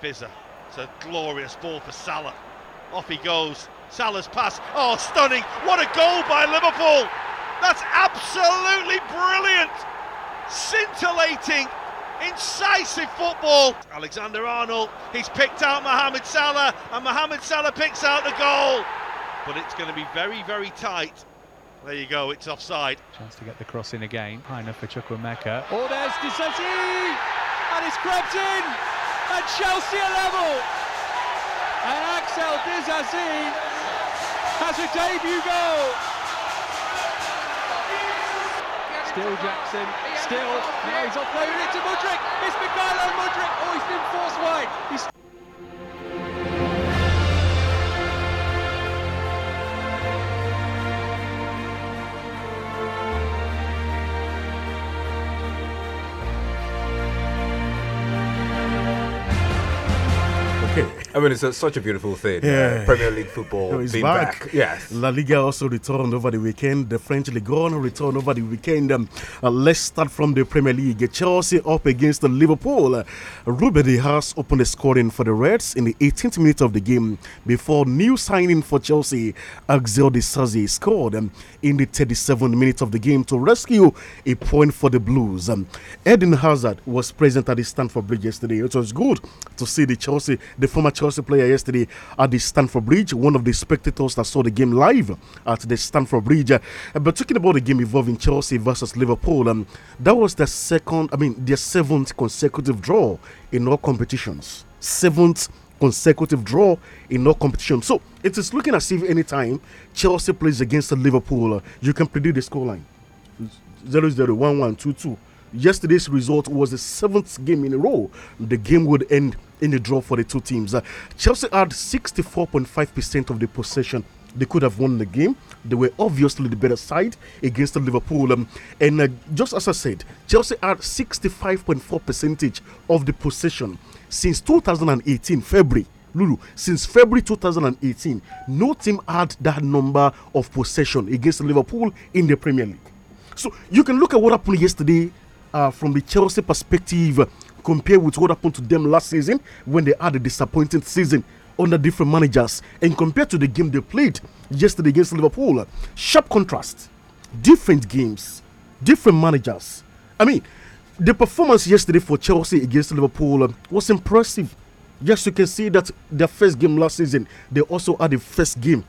Fizzer. It's a glorious ball for Salah. Off he goes. Salah's pass. Oh, stunning. What a goal by Liverpool. That's absolutely brilliant. Scintillating incisive football. Alexander Arnold, he's picked out Mohamed Salah, and Mohamed Salah picks out the goal. But it's going to be very, very tight. There you go, it's offside. Chance to get the cross in again. High enough for Chukwemeka. Oh, there's Disasi! And it's crept in! And Chelsea are level! And Axel Disasi has a debut goal! Still Jackson, Still, now he's offloaded it to Mudrick. It's Mikhailo Mudrick. Oh, he's been forced wide. He's I mean, it's a, such a beautiful thing. Yeah. Uh, Premier League football oh, is being back. back. Yes. La Liga also returned over the weekend. The French Ligue 1 returned over the weekend. Um, uh, let's start from the Premier League. Chelsea up against Liverpool. Uh, Ruben Dias opened the scoring for the Reds in the 18th minute of the game before new signing for Chelsea, Axel De Sazi, scored um, in the 37th minute of the game to rescue a point for the Blues. Um, Eden Hazard was present at the Stanford Bridge yesterday. It was good to see the Chelsea, the former Chelsea Chelsea player yesterday at the Stanford Bridge, one of the spectators that saw the game live at the Stanford Bridge. Uh, but talking about the game involving Chelsea versus Liverpool, um, that was the second, I mean, their seventh consecutive draw in all competitions. Seventh consecutive draw in all competitions. So it is looking as if anytime Chelsea plays against Liverpool, uh, you can predict the scoreline 0 0 1 1 2 2. Yesterday's result was the seventh game in a row. The game would end in the draw for the two teams. Uh, Chelsea had 64.5% of the possession they could have won the game. They were obviously the better side against Liverpool. Um, and uh, just as I said, Chelsea had 65.4 percentage of the possession since 2018 February. Lulu, since February 2018, no team had that number of possession against Liverpool in the Premier League. So you can look at what happened yesterday uh, from the Chelsea perspective compared with what happened to them last season when they had a disappointing season under different managers and compared to the game they played yesterday against Liverpool. Sharp contrast, different games, different managers. I mean, the performance yesterday for Chelsea against Liverpool um, was impressive. Yes, you can see that their first game last season, they also had a first game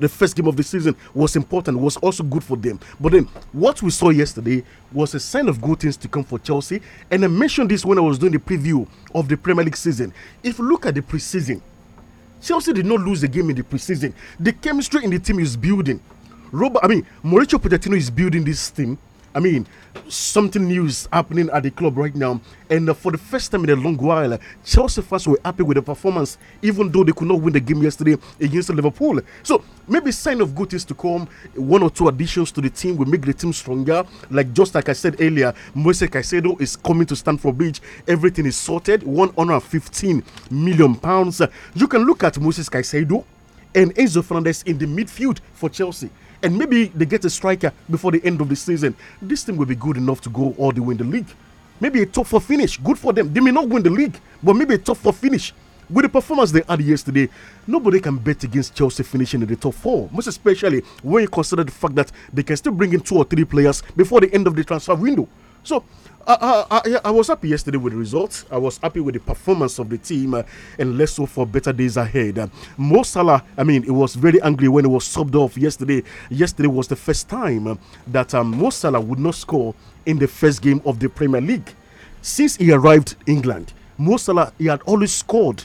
the first game of the season was important, was also good for them. But then what we saw yesterday was a sign of good things to come for Chelsea. And I mentioned this when I was doing the preview of the Premier League season. If you look at the preseason, Chelsea did not lose the game in the preseason. The chemistry in the team is building. Robert, I mean, Mauricio Pochettino is building this team I mean, something new is happening at the club right now. And uh, for the first time in a long while, Chelsea fans were happy with the performance, even though they could not win the game yesterday against Liverpool. So maybe sign of good things to come. One or two additions to the team will make the team stronger. Like just like I said earlier, Moise Caicedo is coming to Stamford Bridge. Everything is sorted. 115 million pounds. You can look at Moise Caicedo and Enzo Fernandez in the midfield for Chelsea and maybe they get a striker before the end of the season, this team will be good enough to go all the way in the league. Maybe a top four finish, good for them. They may not win the league, but maybe a top four finish. With the performance they had yesterday, nobody can bet against Chelsea finishing in the top four. Most especially when you consider the fact that they can still bring in two or three players before the end of the transfer window. So I, I, I, was happy yesterday with the results. I was happy with the performance of the team, uh, and let's hope for better days ahead. Uh, Mo Salah, I mean, it was very angry when he was subbed off yesterday. Yesterday was the first time uh, that um, Mo Salah would not score in the first game of the Premier League since he arrived England. Mo Salah, he had always scored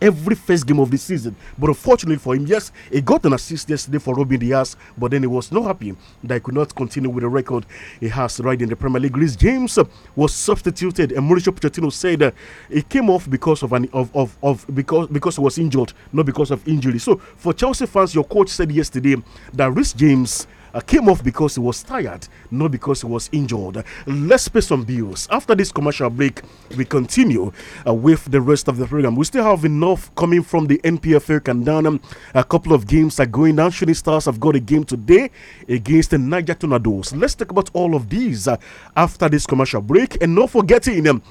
every first game of the season. But unfortunately for him, yes, he got an assist yesterday for Robin Diaz, but then he was not happy that he could not continue with the record he has right in the Premier League. Reece James was substituted, and Mauricio Pochettino said that uh, he came off because of an of, of, of because because he was injured, not because of injury. So for Chelsea fans, your coach said yesterday that Reece James came off because he was tired, not because he was injured. Let's pay some bills. After this commercial break, we continue uh, with the rest of the program. We still have enough coming from the NPFA Kandana. A couple of games are going down. Shooting Stars have got a game today against the Niger Tornadoes. Let's talk about all of these uh, after this commercial break. And not forgetting, um,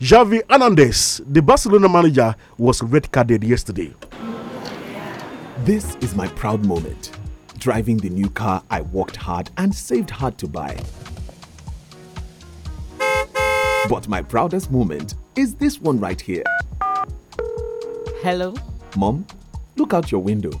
Javi Hernandez, the Barcelona manager, was red carded yesterday. This is my proud moment driving the new car I worked hard and saved hard to buy. But my proudest moment is this one right here. Hello? Mom, look out your window.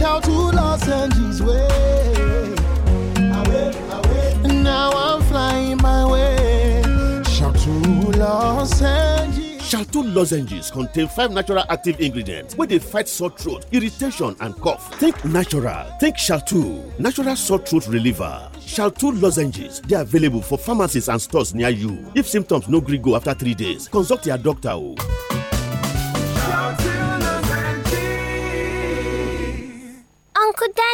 shout to Los Angeles way. Now I'm flying my way. Shout to Los Angeles. Shalto lozenges contain five natural active ingredients where they fight sore throat, irritation and cough. Think natural, think Shalto, natural sore throat reliever. Shalto lozenges They are available for pharmacies and stores near you. If symptoms no gree go after three days, consult your doctor oh.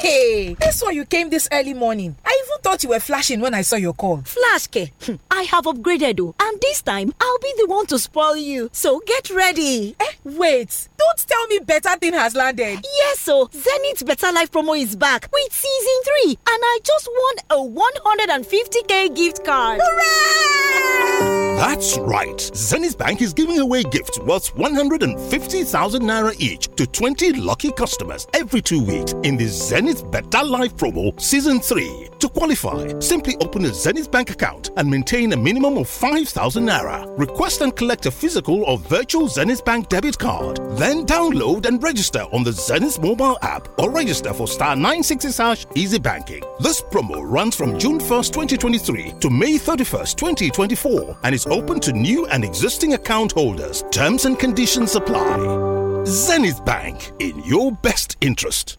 Hey, this one you came this early morning. I even thought you were flashing when I saw your call. Flash, K. Hm, I have upgraded, oh, and this time I'll be the one to spoil you. So get ready. Eh, wait. Don't tell me better thing has landed. Yes, so Zenith Better Life promo is back with season 3, and I just won a 150k gift card. Hooray! That's right. Zenith Bank is giving away gifts worth 150,000 naira each to 20 lucky customers every two weeks in the Zenith Better Life promo season 3 to qualify qualify, simply open a Zenith Bank account and maintain a minimum of 5,000 Naira. Request and collect a physical or virtual Zenith Bank debit card. Then download and register on the Zenith mobile app or register for star 960 easy banking. This promo runs from June 1st, 2023 to May 31st, 2024 and is open to new and existing account holders. Terms and conditions apply. Zenith Bank, in your best interest.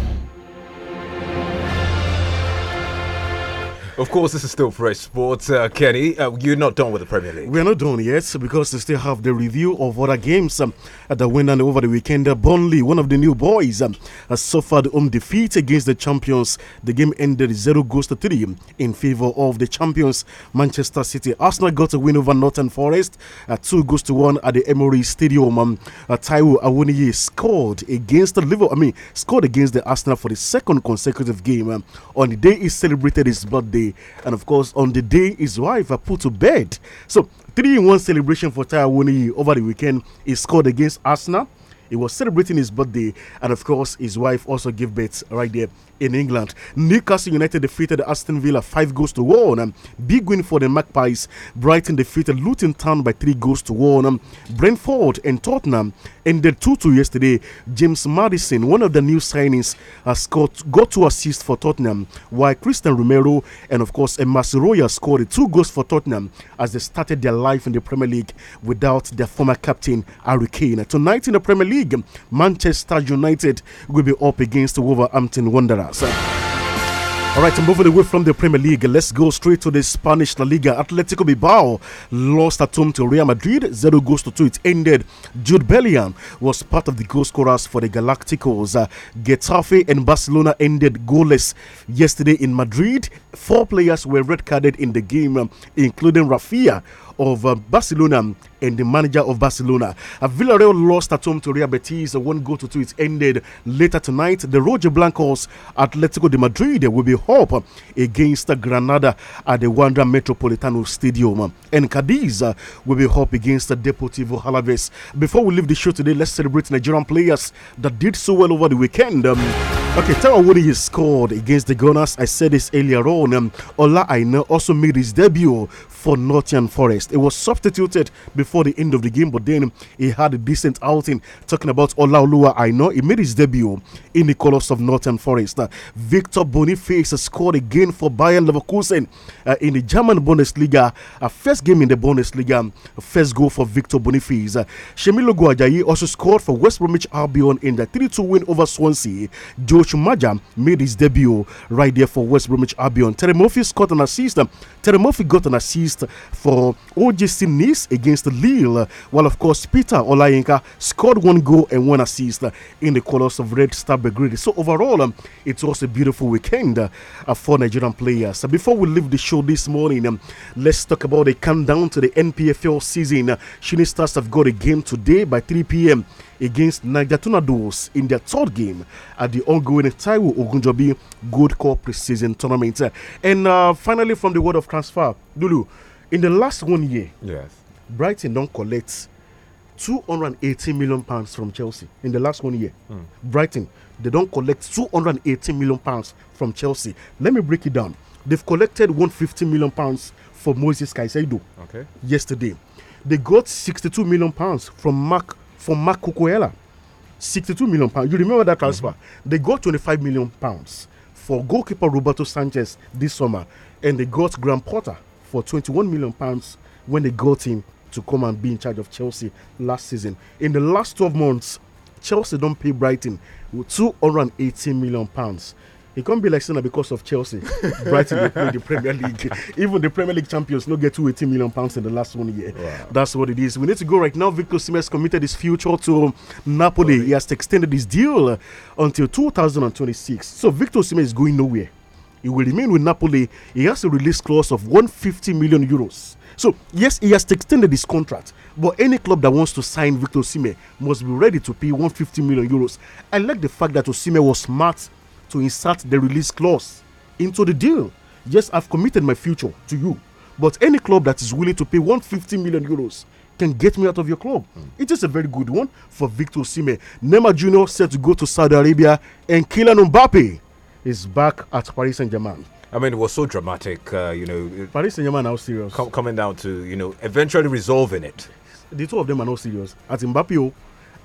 Of course, this is still Fresh Sports. Uh, Kenny, uh, you're not done with the Premier League. We're not done yet because we still have the review of other games um, that went on over the weekend. Uh, Burnley, one of the new boys, um, has suffered home defeat against the champions. The game ended 0 goals to 3 um, in favour of the champions, Manchester City. Arsenal got a win over Northern Forest, uh, 2 goals to 1 at the Emirates Stadium. Um, uh, Taiwo Awoniyi scored against the Liverpool, I mean, scored against the Arsenal for the second consecutive game. Um, on the day he celebrated his birthday, and of course, on the day his wife are put to bed. So, 3 in 1 celebration for Taiwani over the weekend. He scored against Arsenal. He was celebrating his birthday, and of course, his wife also gave birth right there in England. Newcastle United defeated Aston Villa five goals to one. Um, big win for the Magpies. Brighton defeated Luton Town by three goals to one. Um, Brentford and Tottenham ended 2 2 yesterday. James Madison, one of the new signings, has got, got two assists for Tottenham, while Christian Romero and, of course, Masiroya scored two goals for Tottenham as they started their life in the Premier League without their former captain, Harry Kane. Tonight in the Premier League, Manchester United will be up against Wolverhampton Wanderers. All right, moving away from the Premier League, let's go straight to the Spanish La Liga. Atletico Bilbao lost at home to Real Madrid, 0 goes to 2. It ended. Jude Bellingham was part of the goal scorers for the Galacticos. Uh, Getafe and Barcelona ended goalless yesterday in Madrid. Four players were red carded in the game, um, including Rafia of uh, Barcelona and the manager of Barcelona. Uh, Villarreal lost at home to Real Betis, uh, one goal to two. It ended later tonight. The Roger Blancos Atletico de Madrid will be up uh, against Granada at the Wanda Metropolitano Stadium. Uh, and Cadiz uh, will be up against Deportivo Alaves. Before we leave the show today, let's celebrate Nigerian players that did so well over the weekend. Um, okay, what Woody scored against the Gunners. I said this earlier on. Um, Ola Aina also made his debut for Nottingham Forest. It was substituted before the end of the game, but then he had a decent outing. Talking about Olaoluwa, I know he made his debut in the colours of Northern Forest. Uh, Victor Boniface scored again for Bayern Leverkusen uh, in the German Bundesliga. Uh, first game in the Bundesliga, first goal for Victor Boniface. Uh, Shemilo Guajayi also scored for West Bromwich Albion in the 3 2 win over Swansea. George Maja made his debut right there for West Bromwich Albion. Terry Murphy scored an assist. Uh, Terry Murphy got an assist for OJC Nice against Lille, while of course Peter Olayinka scored one goal and one assist in the colours of Red Star Belgrade. So overall, it's it was a beautiful weekend uh, for Nigerian players. Before we leave the show this morning, um, let's talk about the countdown to the NPFL season. Uh, Stars have got a game today by 3 p.m. against Niger Tornadoes in their third game at the ongoing Taiwo Ogunjobi Gold Cup preseason tournament. and uh, finally, from the world of transfer, Dulu in the last one year, yes, Brighton don't collect 218 million pounds from Chelsea in the last one year. Mm. Brighton, they don't collect 218 million pounds from Chelsea. Let me break it down. They've collected 150 million pounds for Moses Caicedo okay. yesterday. They got 62 million pounds from Mark from Mark Cucuella. 62 million pounds. You remember that transfer? Mm -hmm. They got 25 million pounds for goalkeeper Roberto Sanchez this summer, and they got Graham Potter for 21 million pounds when they got him to come and be in charge of Chelsea last season. In the last 12 months, Chelsea don't pay Brighton with 218 million pounds. It can't be like Senna because of Chelsea. Brighton they play the Premier League. Even the Premier League champions not get 280 million pounds in the last one year. Wow. That's what it is. We need to go right now. Victor Simes committed his future to Napoli. He has extended his deal until 2026. So Victor Simes is going nowhere. He will remain with Napoli. He has a release clause of 150 million euros. So, yes, he has extended his contract, but any club that wants to sign Victor Sime must be ready to pay 150 million euros. I like the fact that Osime was smart to insert the release clause into the deal. Yes, I've committed my future to you, but any club that is willing to pay 150 million euros can get me out of your club. Mm. It is a very good one for Victor Sime. Neymar Jr. set to go to Saudi Arabia and Kylian Mbappe is back at Paris Saint Germain. I mean, it was so dramatic, uh, you know. Paris Saint Germain are serious. Com coming down to, you know, eventually resolving it. The two of them are not serious. At Mbappe, oh,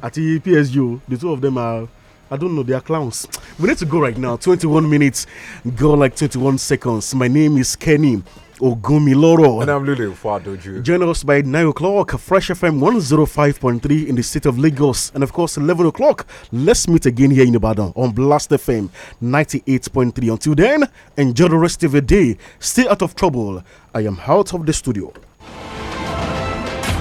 at PSU, oh, the two of them are. I don't know, they are clowns. We need to go right now. 21 minutes, go like 21 seconds. My name is Kenny. Ogumiloro. And I'm Lulu Fadoju. Join us by 9 o'clock, Fresh FM 105.3 in the state of Lagos. And of course, 11 o'clock, let's meet again here in Ibadan on Blast FM 98.3. Until then, enjoy the rest of your day. Stay out of trouble. I am out of the studio.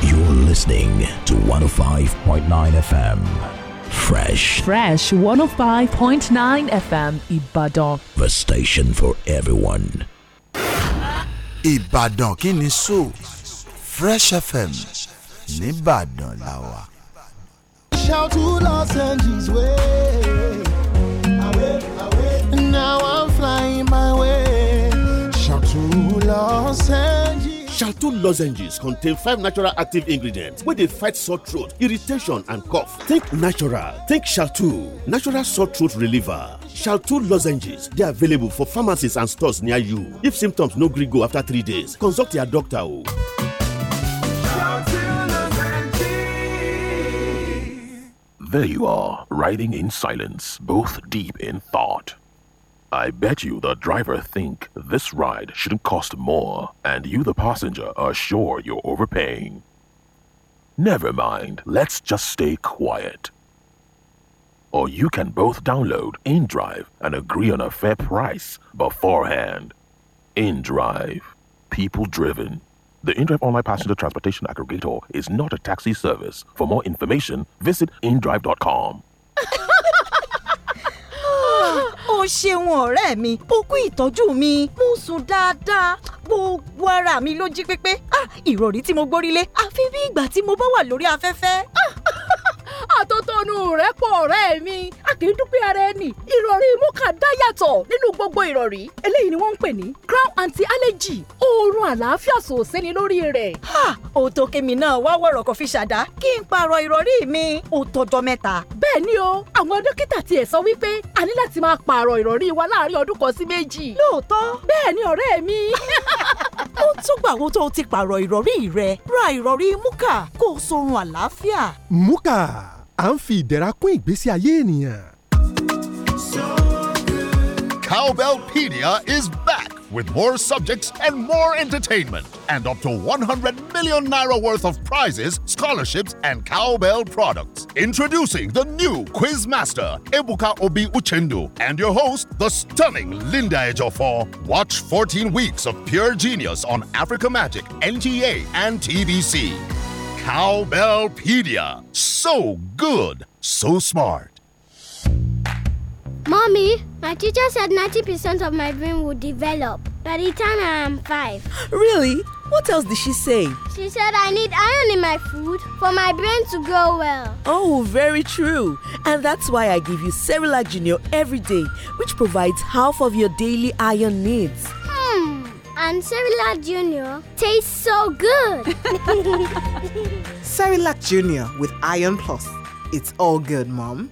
You're listening to 105.9 FM. Fresh. Fresh 105.9 FM Ibadan. The station for everyone. Ìbàdàn kí ni so Fresh FM nìbàdàn la wà. Shout to Los Angeles way. Away, away. Now I'm flying my way. Shout to Los Angeles. Shalto lozenges contain five natural active ingredients where they fight sore throat, irritation, and cough. Think natural. Think Shalto. Natural sore throat reliever. Shalto lozenges. They are available for pharmacies and stores near you. If symptoms no grigo after three days, consult your doctor. Oh. There you are, riding in silence, both deep in thought. I bet you the driver think this ride shouldn't cost more, and you the passenger are sure you're overpaying. Never mind, let's just stay quiet. Or you can both download InDrive and agree on a fair price beforehand. InDrive, people driven. The InDrive Online Passenger Transportation Aggregator is not a taxi service. For more information, visit indrive.com. ṣeun ọ̀rẹ́ mi ó kú ìtọ́jú mi mo sùn dáadáa gbogbo ara mi ló jí pépé ah ìrọ̀rí tí mo gbórí lé àfi bí ìgbà tí mo bá wà lórí afẹ́fẹ́ ah ìyanu rẹ̀ pọ̀ ọ̀rẹ́ mi a kì í dúpẹ́ ara ẹni ìrọ̀rí Muka dá yàtọ̀ nínú gbogbo ìrọ̀rí eléyìí ni wọ́n ń pè ní crown anti allergy oorun àlàáfíà sò séni lórí rẹ̀. ha òótọ́ kemi náà wá wọ̀rọ̀ kò fi ṣàdá kí n pààrọ̀ ìrọ̀rí mi ó tọjọ́ mẹ́ta. bẹ́ẹ̀ ni o àwọn dókítà tiẹ̀ sọ wípé a ní láti máa pààrọ̀ ìrọ̀rí wa láàárín ọdún kan sí méjì. lóòótọ́ bẹ́ẹ̀ ni ọ̀rẹ́ mi. ó túgbà wo tó o ti pààrọ̀ ìrọ̀rí rẹ ra ìrọ̀rí Muka kó o sorun àlàáfíà. Muka à ń fi ìdẹ̀ra kún ìgbésí ayé ènìyàn. Cowbellpedia is back with more subjects and more entertainment, and up to 100 million naira worth of prizes, scholarships, and cowbell products. Introducing the new quiz master, Ebuka Obi Uchendu, and your host, the stunning Linda Ejofor. Watch 14 weeks of pure genius on Africa Magic, NTA, and TBC. Cowbellpedia. So good, so smart. Mommy, my teacher said 90% of my brain will develop by the time I am five. Really? What else did she say? She said I need iron in my food for my brain to grow well. Oh, very true. And that's why I give you Cerilac Junior every day, which provides half of your daily iron needs. Hmm and Cerilac Jr. tastes so good. Cerilac Jr. with Iron Plus. It's all good, Mom.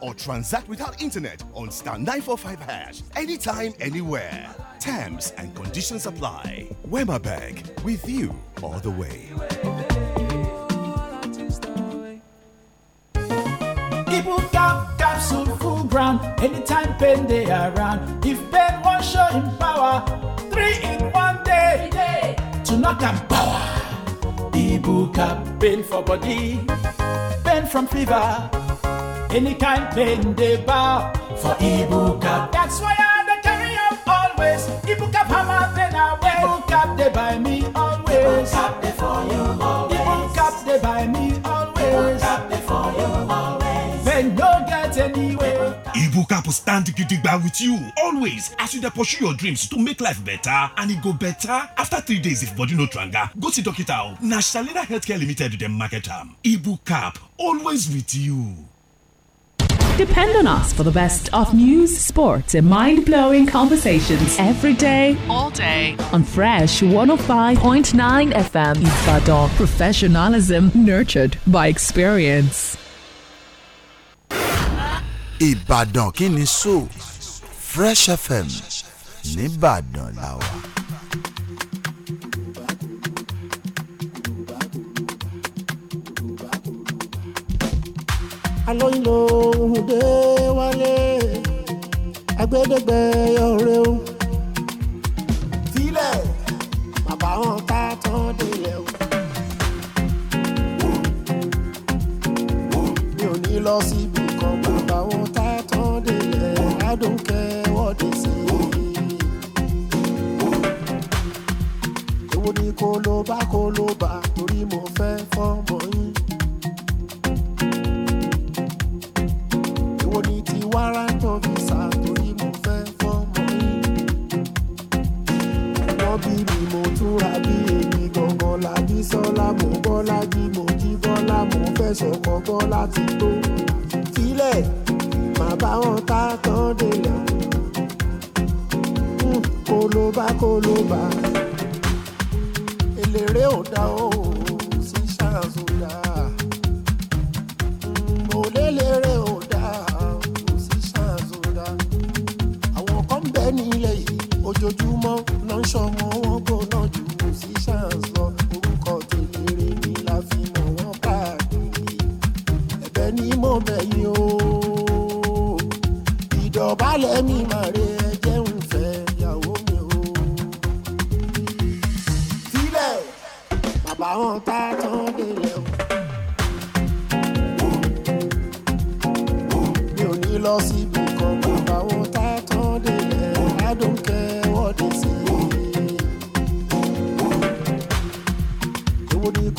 or transact without internet on star 945 hash anytime, anywhere. Terms and conditions apply. Wema Bank with you all the way. full ground anytime around if show power three in one day to knock power. pain for body pain from fever. Any kind pain they bow for Ibuka. That's why I dey carry up always. Ibuka hammer then I wear. Ibuka they buy me always. Ibuka they for you always. Ibuka they buy me always. Ibuka they for you always. Men no get anywhere. Ibucap will stand gidigba with you always as you dey pursue your dreams to make life better and e go better after three days if body no tranga go see dokita o oh. na shalina healthcare limited dem market am Ibucap always with you. Depend on us for the best of news, sports, and mind blowing conversations every day, all day on Fresh 105.9 FM. Ibadon Professionalism nurtured by experience. Ibadan Kini Fresh FM. Nìbàdàn làwà. alóyinlo òhùndé wálé agbẹdẹgbẹ ọrẹ o. tilẹ̀ bàbá wọn ká tán délẹ̀ o. mi ò ní lọ síbi kan bàbá wọn ká tán délẹ̀ adùnkẹ́ wọ́de sí i. èwo ni kó ló bá kó ló bá torí mo fẹ́ fọ́ mọ́ yín. warrant of mo fẹ́ fọ́mọ yìí. wọ́n bí mi mo túra bí èmi gangan lábí sọ́lá mo bọ́lá mo jí mo fẹ́ sọ̀kọ́ bọ́lá ti tó. sílẹ̀ màá bá wọn tá tán délẹ̀ hmm, ò dá o.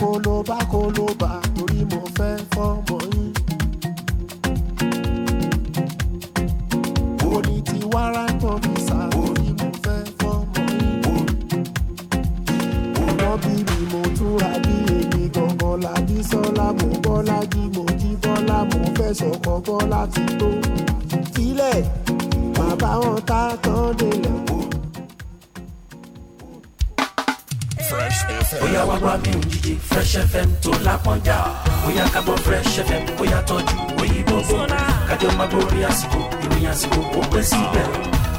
kólóbá kólóbá torí mo fẹ́ fọ́mọ. fresh fm tó lápọ́njà bóyá kábọ̀ fresh fm bóyá tọ́jú òyìnbó bò kájọ́ máa gbórí àsìkò ìròyìn àsìkò ó gbé síbẹ̀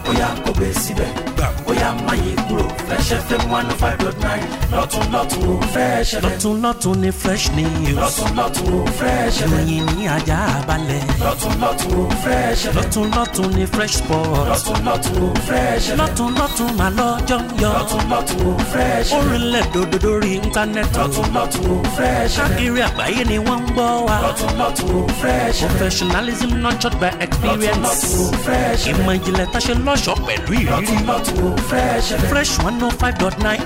bóyá kò gbé síbẹ̀ program. bóyá má yí kúrò Fresh FM one oh five dot nine lọ́tún lọ́tún ó Fresh FM. lọ́tún lọ́tún ni fresh news. lọ́tún lọ́tún ó Fresh FM. ròyìn ní ajá balẹ̀. lọ́tún lọ́tún ó Fresh FM. lọ́tún lọ́tún ni fresh sport. lọ́tún lọ́tún ó Fresh FM. lọ́tún lọ́tún mà lọ́jọ́ ń yọ. lọ́tún lọ́tún ó Fresh FM. orílẹ̀ dòdò lórí íńtánẹ́ẹ̀tì. lọ́tún lọ́tún ó Fresh FM. káàkiri àgbáyé ni wọ́n ń gbọ́ wa. lọ́tún lọ́tún ó Fresh FM. professionalism nurtured by experience. lọ́tún lọ́tún ó Fresh FM. ìmọ̀ ìjìnlẹ̀ tá a ṣe lọ́ṣọ̀ọ́ pẹ̀lú ìrírí. lọ́tún lọ́tún Fresh FM. Fresh one oh five FM.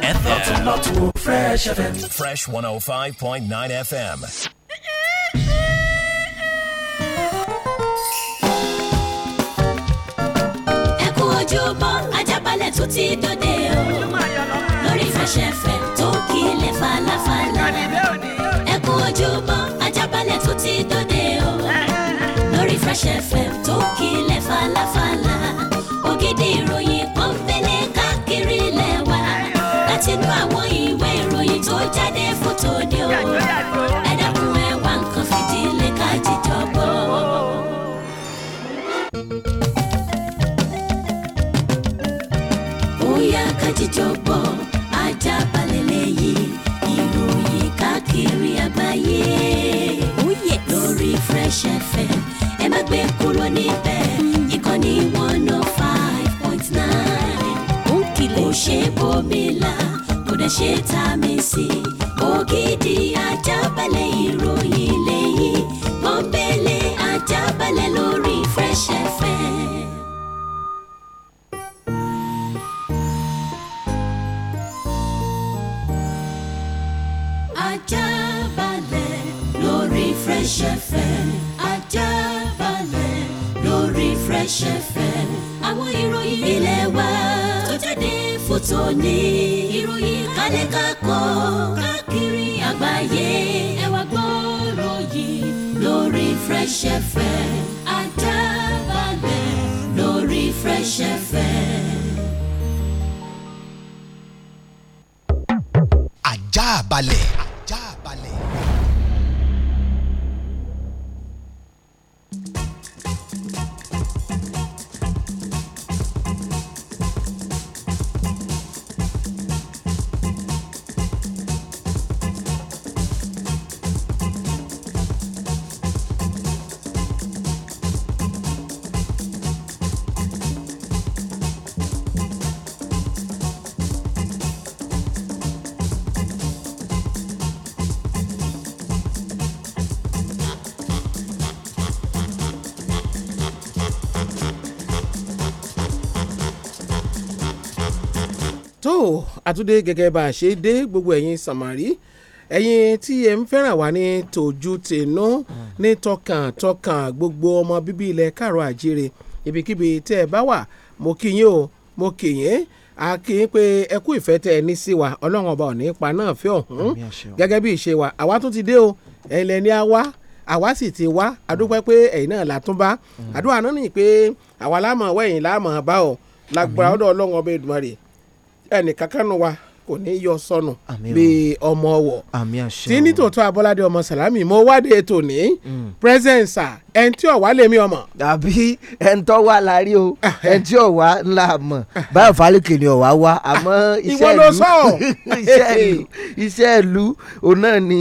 Fresh FM. Fresh one oh five point nine FM. Oh ti o Fresh FM tó kílẹ̀ falafala. ti o FM falafala. ṣe tá a mi sí ògidì ajábalẹ̀ ìròyìn lẹ́yìn. kákó káàkiri àgbáyé ẹ wá gbọ́rọ̀ yìí lórí Fresh FM Ajaabale lórí Fresh FM. Ajaabale. àtúndé gẹ́gẹ́ bá a ṣe dé gbogbo ẹ̀yin Samari ẹ̀yin tí ẹ ń fẹ́ràn wá ní tòjú tènú hmm. ní tọkàntọkàn gbogbo ọmọ bíbí ilẹ̀ káàrọ̀ àjíire ibikíbi tẹ́ ẹ bá wà mo kí yín o mo kí yín a kí yín pé ẹ kú ìfẹ́ tẹ́ ẹ ní sí wa ọlọ́run ọba ò pa náà fẹ́ ọ̀hún gẹ́gẹ́ bí ìṣe wa àwa tún ti dé o ẹ̀lẹ́ ni a wá àwa sì ti wá àdúpẹ́ pé ẹ̀yin náà látúnbá hmm. àdúrà náà nìyí pé àwa láàmọ̀ wẹ̀yìn láàmọ̀ bá ọ lágbára ọ̀dọ̀ ọlọ́run ọba Èdùmàrè ẹnìkankan nu wa kò ní yọ sọnù bíi ọmọ ọwọ́ tí nítòótọ́ abọ́ládé ọmọ sàlámì mo wádìí ètò e ní mm. pírẹsẹ̀nsà ẹni tí ọ̀wá lèmi ọmọ. àbí ẹni tó wá la o ah, eh. ẹni tí ọ̀wá ńlá mọ̀ ah, eh. báyọ̀ fálùkì ni ọ̀wá wá àmọ́ iṣẹ́ ìlú iṣẹ́ ìlú òun náà ni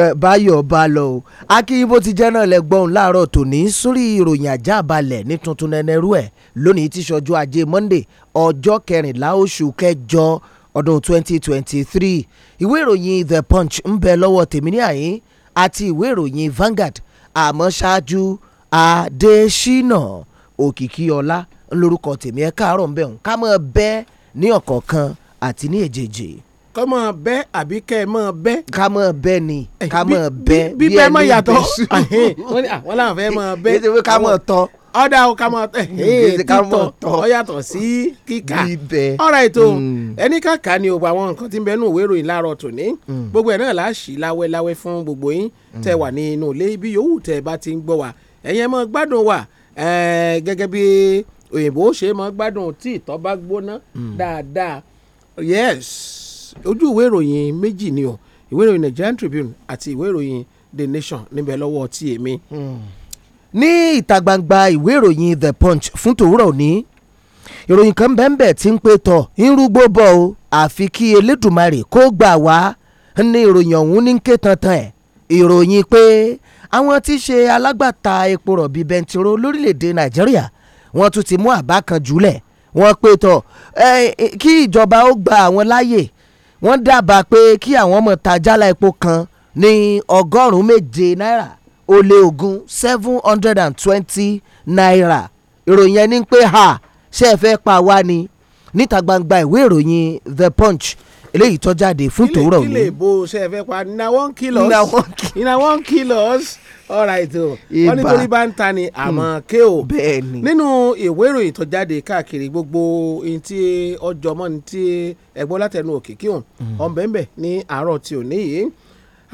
eh, báyọ̀ bá lọ o akínyìnbó ti jẹ́ náà lẹ́gbọ́n láàárọ̀ tòní sórí ìròyìn ajá balẹ̀ ní tuntun nẹnẹrú ẹ̀ lónìí tíṣọjú ajé Monday ọjọ́ kẹrìnlá oṣù kẹjọ ọdún 2023 ìwé ìròyìn the punch ń bẹ lọ́wọ́ tèmi ní àyín àti ìwé ìròyìn Vanguard àmọ́ ṣáájú Adésínà Òkìkíọlá lórúkọ tèmi ẹ káàárọ̀ ń bẹ̀ ń ká mọ́ bẹ́ẹ̀ ní ọ̀kọ̀ọ̀kan àti ní èjèèjì kọ́ mọ̀ bẹ́ àbí kẹ́ ẹ mọ̀ bẹ́. ká mọ̀ bẹ́ ni eh, ká mọ̀ bẹ́ bí ẹni ah, bẹ́ sùn. bí bẹ́ẹ̀ mọ̀ làwọn fẹ́ mọ̀ bẹ́ ọ̀dà ọ̀ka mọ̀ títọ̀ ó yàtọ̀ sí kíkà ọ̀rọ̀ ètò mm. ẹni kàkà ni òbò àwọn nǹkan tí ń bẹ nù ìwé ìròyìn láàárọ̀ tòní mm. gbogbo ẹ̀ náà láàṣì láwẹ́ láwẹ́ fún gbogbo yín mm. tẹ́ wà ní inú ilé ibi yòówù tẹ́ bá ti ń gbọ́ wá ẹ̀yin mọ́ gbádùn wa gẹ́gẹ́ bí òyìnbó ṣe mọ́ gbádùn tí ìtọ́ bá gbóná dáadáa yes ojú ìwé ìròyìn méjì ni o ìwé ìròyìn Nigerian Tribune àti ìwé ìròyìn The Nation níbẹ̀ lọ́wọ́ tí èmi. Mm ní ìta gbangba ìwé ìròyìn the punch fún tòwúrọ̀ òní ìròyìn kan bẹ́ẹ̀nbẹ́ tí ń pé tọ̀ ń rúgbó bọ̀ o àfi kí elédùnmarè kó gbà wá ní ìròyìn ọ̀hún ní ké tantan ẹ̀ ìròyìn pé àwọn tí í ṣe alágbàtà epo rọ̀bì bẹntiró lórílẹ̀‐èdè nàìjíríà wọ́n tún ti mú àbá kan jùlẹ̀ wọ́n pé tọ̀ kí ìjọba ó gba àwọn láàyè wọ́n dábàá pé kí àwọn ọmọ ta jálá epo kan ní ọgọ́rùn-ún méje náírà olè ogun seven hundred and twenty naira ìròyìn ẹni pé ha ṣe é fẹ́ pa wá ni níta gbangba ìwé ìròyìn the punch eléyìí tó jáde fún tòwúrọ̀ òní. ilé ìbò ṣe é fẹ́ pa na one kill us na one kilos. all right o wọ́n nítorí bá ń ta ni àmọ́ hmm. ké o nínú ìwé ìròyìn tó jáde káàkiri gbogbo ohun tí ọjọ́ mọ́ ní ti ẹ̀gbọ́n látẹnu òkè kí òun hmm. ní àárọ̀ tí ò níyì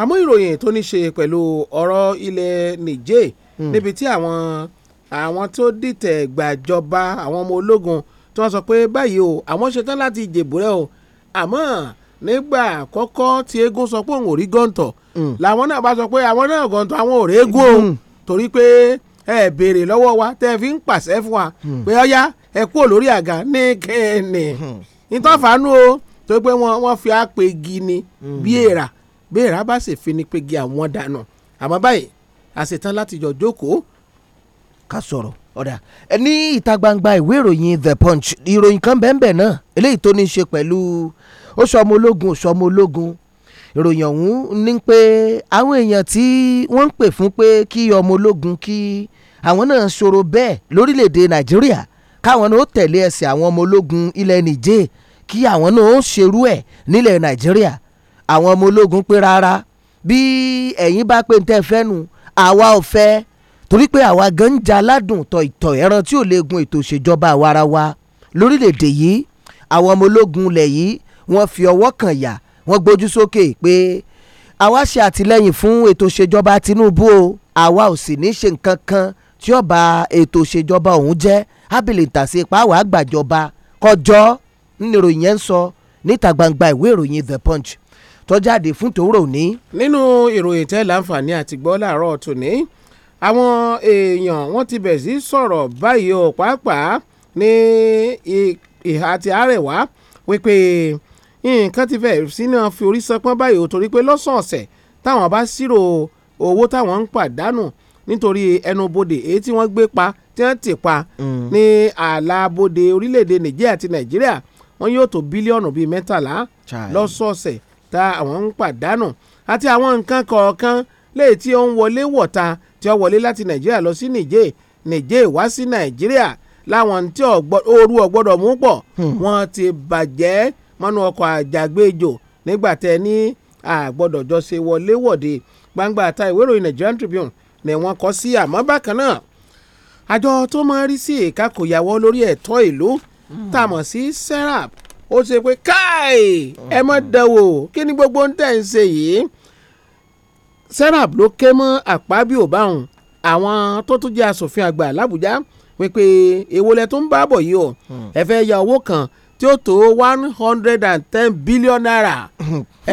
àmọ́ ìròyìn tó ní ṣe pẹ̀lú ọ̀rọ̀ ilẹ̀ Niger hmm. níbi tí àwọn àwọn tó dìtẹ̀ gbàjọba àwọn ọmọ ológun tí wọ́n sọ pé báyìí o àwọn ṣetán láti jèbúrẹ́ o àmọ́ nígbà àkọ́kọ́ tí eégún sọ pé òun ò rí gọ́ǹtọ̀ hmm. làwọn náà bá sọ pé àwọn náà gọ́ǹtọ̀ àwọn ò rí eégún o hmm. torí pé ẹ béèrè lọ́wọ́ wa tẹ́ fi ń pàṣẹ fún wa pé ọ̀yá ẹ kúrò lórí àga ní kẹ́ẹ̀nì nítọ́fàánú o torí pé wọ́n fi àpègì ni bí èèrà bí ìrà bá sì fi ni pegi àwọn dànù àmọ́ báyìí àṣetán láti jọ jókòó ká sọ̀rọ̀ ọ̀dà ní ìta gbangba ìwé ìròyìn the punch ìròyìn kan bẹ́ẹ̀nbẹ́ẹ̀ náà eléyìí tó ní í ṣe pẹ̀lú ó sọ ọmọ ológun sọ ọmọ ológun ìròyìn ọ̀hún ní pé àwọn èèyàn tí wọ́n ń pè fún pé kí ọmọ ológun kí àwọn náà ṣòro bẹ́ẹ̀ lórílẹ̀‐èdè nàìjíríà káwọn náà tẹ̀lé ẹsẹ̀ àwọn ọmọ ológun ilẹ̀ nìjẹ́ kí àwọn náà ṣerú ẹ̀ nílẹ̀ nàìjíríà àwọn ọmọ ológun pé rárá bí ẹ̀yin bá pé ntẹ́ fẹ́ nu àwa ò fẹ́ torí pé àwa gan ń jà aládùn tọ̀ ìtọ̀ ẹran tí ò lè gun ètò ìṣèjọba àwarawa lórílẹ̀‐èdè yìí àwọn ọmọ ológun ilẹ̀ yìí wọ́n fi ọwọ́ kan yà wọ́n gbójú sókè pé àwa ṣe àtìlẹ́yìn fún ètò ìṣèjọba Tinubu o àwa ò sì ní ṣe nǹkan kan tí ó ba ètò ìṣèjọba òun jẹ́ abilitase pàwọ́ àgbàjọba kọjọ́ níròyìn yẹn ń sọ níta gbangba ìwé ìròyìn The Punch tó jáde fún tòwúrọ̀ òní. nínú ìròyìn tẹ́ láǹfààní àti gbọ́ làárọ̀ tòní àwọn èèyàn wọ́n ti bẹ̀ sí sọ̀rọ̀ báyìí o pàápàá ní ìhà ti àrẹ̀wá wípé nǹkan ti fẹ̀ sínú fi orí sanpọ́n báyìí o torí pé lọ́sọ̀ọ̀sẹ̀ táwọn bá ṣírò owó táwọn ń pàdánù nítorí ẹnubodè èyí tí wọ́n gbé pa tí wọ́n ti pa mm. ní àlàbodè orílẹ̀-èdè nàìjíríà àti nàìjíríà wọ́n yóò tó bílíọ̀nù bíi mẹ́tàlá lọ́sọ̀ọ̀sẹ̀ tá àwọn ń pàdánù àti àwọn nǹkan kọ̀ọ̀kan léè tí ó ń wọlé wọ̀ta tí ó wọlé láti nàìjíríà lọ sí nìjẹ́ nìjẹ́ wá sí nàìjíríà láwọn tí ooru ọ̀gbọ́dọ̀ mú pọ̀ hmm. wọ́n ti bàjẹ́ mọ́nú ọkọ̀ àjàgbéjò nígbà tẹ ní àgbọ́dọ̀ jọ ṣe wọlé wọ̀de gbangba àta ìwé ìròyìn Nigerian Tribune ni wọ́n kọ sí àmọ́ bákan náà àjọ tó máa rí sí ìkákòyàwó lórí ẹ̀tọ́ ìlú hmm. tá sí serap ó ṣe pé káì ẹ mọ̀ dánwò kí ni gbogbo ń tẹ̀ ń ṣe yìí serap ló ké mọ́ àpábíò báwọn àwọn tó tún jẹ́ asòfin àgbà làbújá wípé èwo lẹ tún bá bọ̀ yìí o hmm. ẹ fẹ́ ya owó kan tí ó tó one hundred and ten billion naira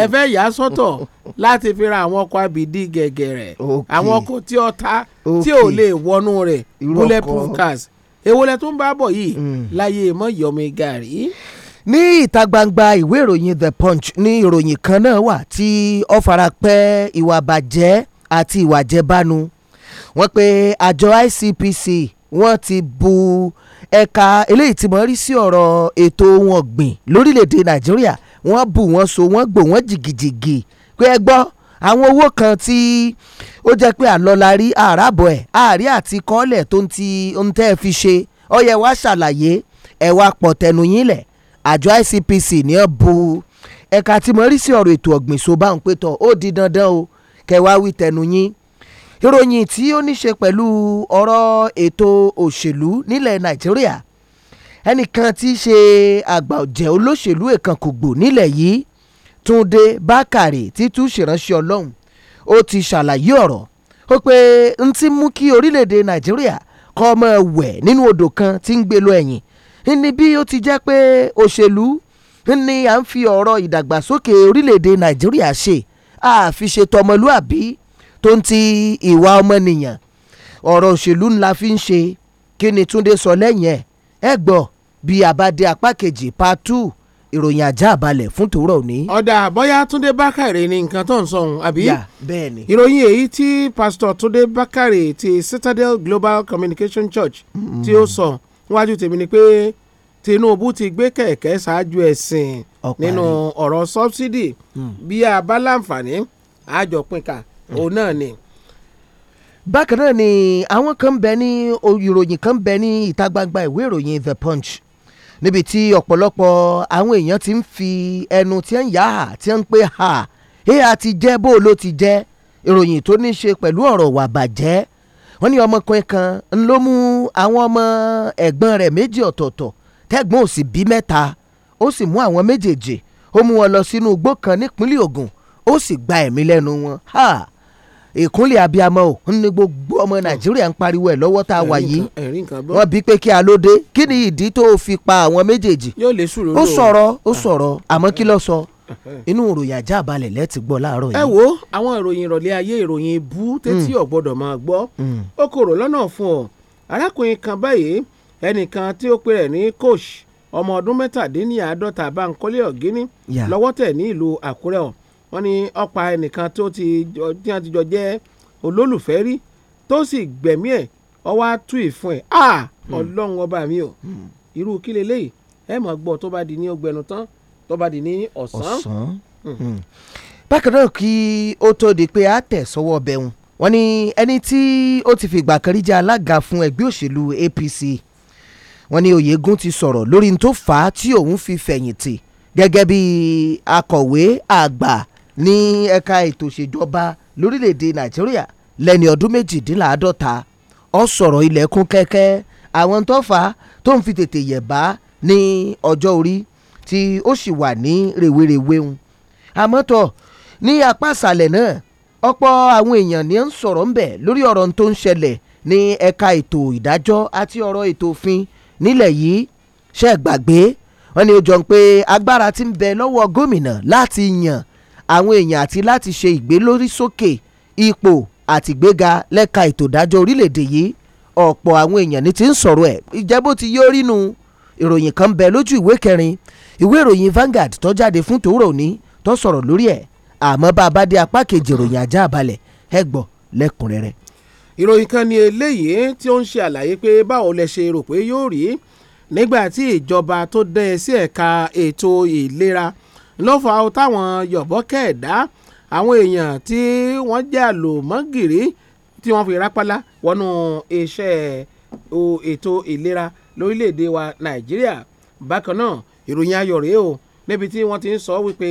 ẹ fẹ́ yà á sọ́tọ̀ láti fi ra àwọn ọkọ̀ abìdí gẹ̀gẹ̀rẹ̀ àwọn ọkọ̀ tí ó ta tí ò lè wọnú rẹ̀ bulletproof cars èwo lẹ tún bá bọ̀ yìí hmm. láyé mọ́ yọmi gàrí ní ìta gbangba ìwé ìròyìn the punch ní ìròyìn kan náà wà tí ó fara pẹ́ ìwà bàjẹ́ àti ìwà jẹbánu wọ́n pe àjọ ICPC wọ́n ti bu ẹ̀ka eléyìí tí mo rí sí ọ̀rọ̀ ètò ohun ọ̀gbìn lórílẹ̀‐èdè Nàìjíríà wọ́n bù wọ́n so wọ́n gbò wọ́n jìgìjìgì pé ẹ gbọ́ àwọn owó kan tí ó jẹ́ pé àlọ́larí àràbọ̀ ẹ̀ àárí àti kọ́ọ̀lẹ̀ tó ń tẹ́ ẹ fi ṣe ó ṣàlàyé ẹ̀ wá yín lẹ̀ àjọ ICPC ní ọ́ bu ẹ̀ka tí mo rí sí ọ̀rọ̀ ètò ọ̀gbìn so bá ń pè tọ̀ ó di dandan o kẹwàá wí tẹnu yín ìròyìn tí ó ní ṣe pẹ̀lú ọ̀rọ̀ ètò òṣèlú nílẹ̀ Nàìjíríà ẹnìkan tí í ṣe àgbà ọ̀jẹ̀ olóṣèlú èkankògbò nílẹ̀ yìí Túndé Bákàrè títú ṣèránṣẹ́ Ọlọ́run ó ti ṣàlàyé ọ̀rọ̀ ó pé n ti mú kí orílẹ̀-èdè Nàìjíríà kọ́ ọmọ ẹ̀wẹ̀ nínú odò kan tí ń gbé ẹ̀yìn ní bí ó ti jẹ́ pé òṣèlú ni à ń fi ọ̀rọ̀ ìdàgbàsókè orílẹ̀-èdè nàìjíríà ṣe àfi ṣe tọmọlúàbí tó ń ti ìwà ọmọnìyàn ọ̀rọ̀ òṣèlú ńlá fi ń ṣe kí ni túnde sọ lẹ́yìn ẹ̀ ẹ gbọ́ bí àbádé apá kejì part two ìròyìn ajá àbálẹ̀ fún tòórọ̀ òní. ọ̀dà bóyá túnde bákàrè ni nǹkan tó ń sọ ohun àbí. yà bẹ́ẹ̀ ni. ìròyìn èyí tí pásítọ̀ túnde bákàrè ti Citadel Global Communication Church mm. tí ó sọ. So níwájú tèmi ni pé Tinubu ti gbé kẹ̀kẹ́ ṣáájú ẹ̀sìn nínú ọ̀rọ̀ sọ́bsidì hmm. bí a bá láǹfààní àjọpínká hmm. òun náà ni. bákan náà ni àwọn kan ń bẹ ní ìròyìn kan ń bẹ ní ìta gbangba ìwé ìròyìn The Punch níbi tí ọ̀pọ̀lọpọ̀ àwọn èèyàn ti ń fi ẹnu tí ń yá hà tí ń pé hà èyí àti jẹ́ bó ló ti jẹ́ ìròyìn tó ní í ṣe pẹ̀lú ọ̀rọ̀ wà bàjẹ́ wọ́n ní ọmọkùnrin kan ń ló mú àwọn ọmọ ẹ̀gbọ́n rẹ̀ méjì ọ̀tọ̀ọ̀tọ̀ tẹ́gbọ́n ò sì bí mẹ́ta ó sì mú àwọn méjèèjì ó mú wọn lọ sínú igbó kan nípínlẹ̀ Ògùn ó sì gba ẹ̀mí lẹ́nu wọn ìkúnlẹ̀ abiyamọ ò ní gbogbo ọmọ Nàìjíríà ń pariwo ẹ̀ lọ́wọ́ tá a wà yìí wọ́n bí pé kí a lóde kí ni ìdí tó fi pa àwọn méjèèjì ó sọ̀rọ̀ ó ah. sọ̀rọ̀ àmọ́ kí ló sọ inú ìròyìn ajá balẹ̀ lẹ́ẹ̀tì gbọ́ láàárọ̀ yìí. ẹ wo àwọn ìròyìn ìrọ̀lẹ́ ayé ìròyìn bú tẹ́tí ò hmm. gbọ́dọ̀ máa gbọ́ hmm. ó kòrò lọ́nà fún ọ arákùnrin kan báyìí ẹnìkan tí ó pe rẹ̀ ní coach ọmọ ọdún mẹ́tàdínláàádọ́ta Bánkọ́lé Ọ̀gíní lọ́wọ́ tẹ̀ ní ìlú Àkúrẹ́ ọ̀ wọ́n ní ọ̀pá ẹnìkan tó ti jọ jẹ́ olólùfẹ́ rí tó sì gbẹ̀mí ẹ̀ ọ wá tú ìfún ẹ̀ hmm. ọlọ́run ọba mi ò irú kí leléyìí ẹ máa gbọ́ tó bá di ní ọgbẹ̀nu tán tó bá di ní ọ̀sán. ọ̀sán hmm. Hmm. bákan náà kí ó tó di pé a tẹ̀ sọ́wọ́ bẹ̀hùn wọ́n ní ẹni tí ó ti fi ìgbà kan rí jẹ́ alága fún ẹgbẹ́ òṣèlú APC wọ́n ní Oyègùn ti sọ̀rọ̀ lórí n tó fà á tí òun fi fẹ̀yìntì gẹ́gẹ́ bí akọ̀wé àgbà ní ẹ̀ka ètò ìṣèjọba lórílẹ̀‐èdè Nàìjíríà lẹ́ni ọdún méjìdínláàádọ́ta ó sọ̀rọ̀ ilẹ̀kùn kẹ́kẹ́ àwọn tó fà á tó ń fi tètè yẹ̀ bá ní ọjọ́ orí tí ó sì wà ní rèwerèwe ń àmọ́ tọ̀ ní apá àṣàlẹ̀ náà ọ̀pọ̀ àwọn èèyàn ni ń sọ̀rọ̀ ń bẹ̀ lórí ọ̀rọ̀ tó ń ṣẹlẹ̀ ní ẹ̀ka ètò ìdájọ́ àti ọ̀rọ̀ ètò òfin nílẹ̀ yìí ṣe gbàgbé wọ́n ní ó jọ pé agbára ti ń bẹ lọ́wọ́ gómìnà láti yàn àwọn èèyàn àti láti ṣe ìgbélórísókè ipò àtìgbéga lẹ́ka ètò ìdájọ́ orílẹ̀-èdè yìí ọ̀pọ̀ àwọn èèyàn ni ti ń sọ̀rọ̀ ẹ̀ ìjẹ́bó ti yóò rínu ìròyìn kan bẹ lójú ìwé kẹrin ìwé ìròyìn Vanguard tó jáde fún tòwúrọ̀ òní tó sọ̀rọ̀ lórí ẹ̀ àmọ́ bá a bá dé apá kejì ìròyìn ajá balẹ̀ ẹ gbọ́ lẹ́kùnrẹ́rẹ́. ìròyìn kan ni eléyìí tí ó ń ṣe àlàyé pé báwo lẹ ṣe rò pé yóò rí nígbà tí ìjọba tó dẹ́ sí ẹ̀ka ètò ìlera lọ́fà táwọn yọ̀bọ́ kẹ̀ẹ́dá àwọn èèyàn tí wọ́n jẹ́ àlòmọ́gìrì tí wọ́n fi rápálá wọnú iṣẹ́ ètò ìlera lórílẹ̀‐èdè wa Nàìjíríà bákan náà ìròyìn ayọ̀ rèé o níbi tí wọ́n ti ń sọ wípé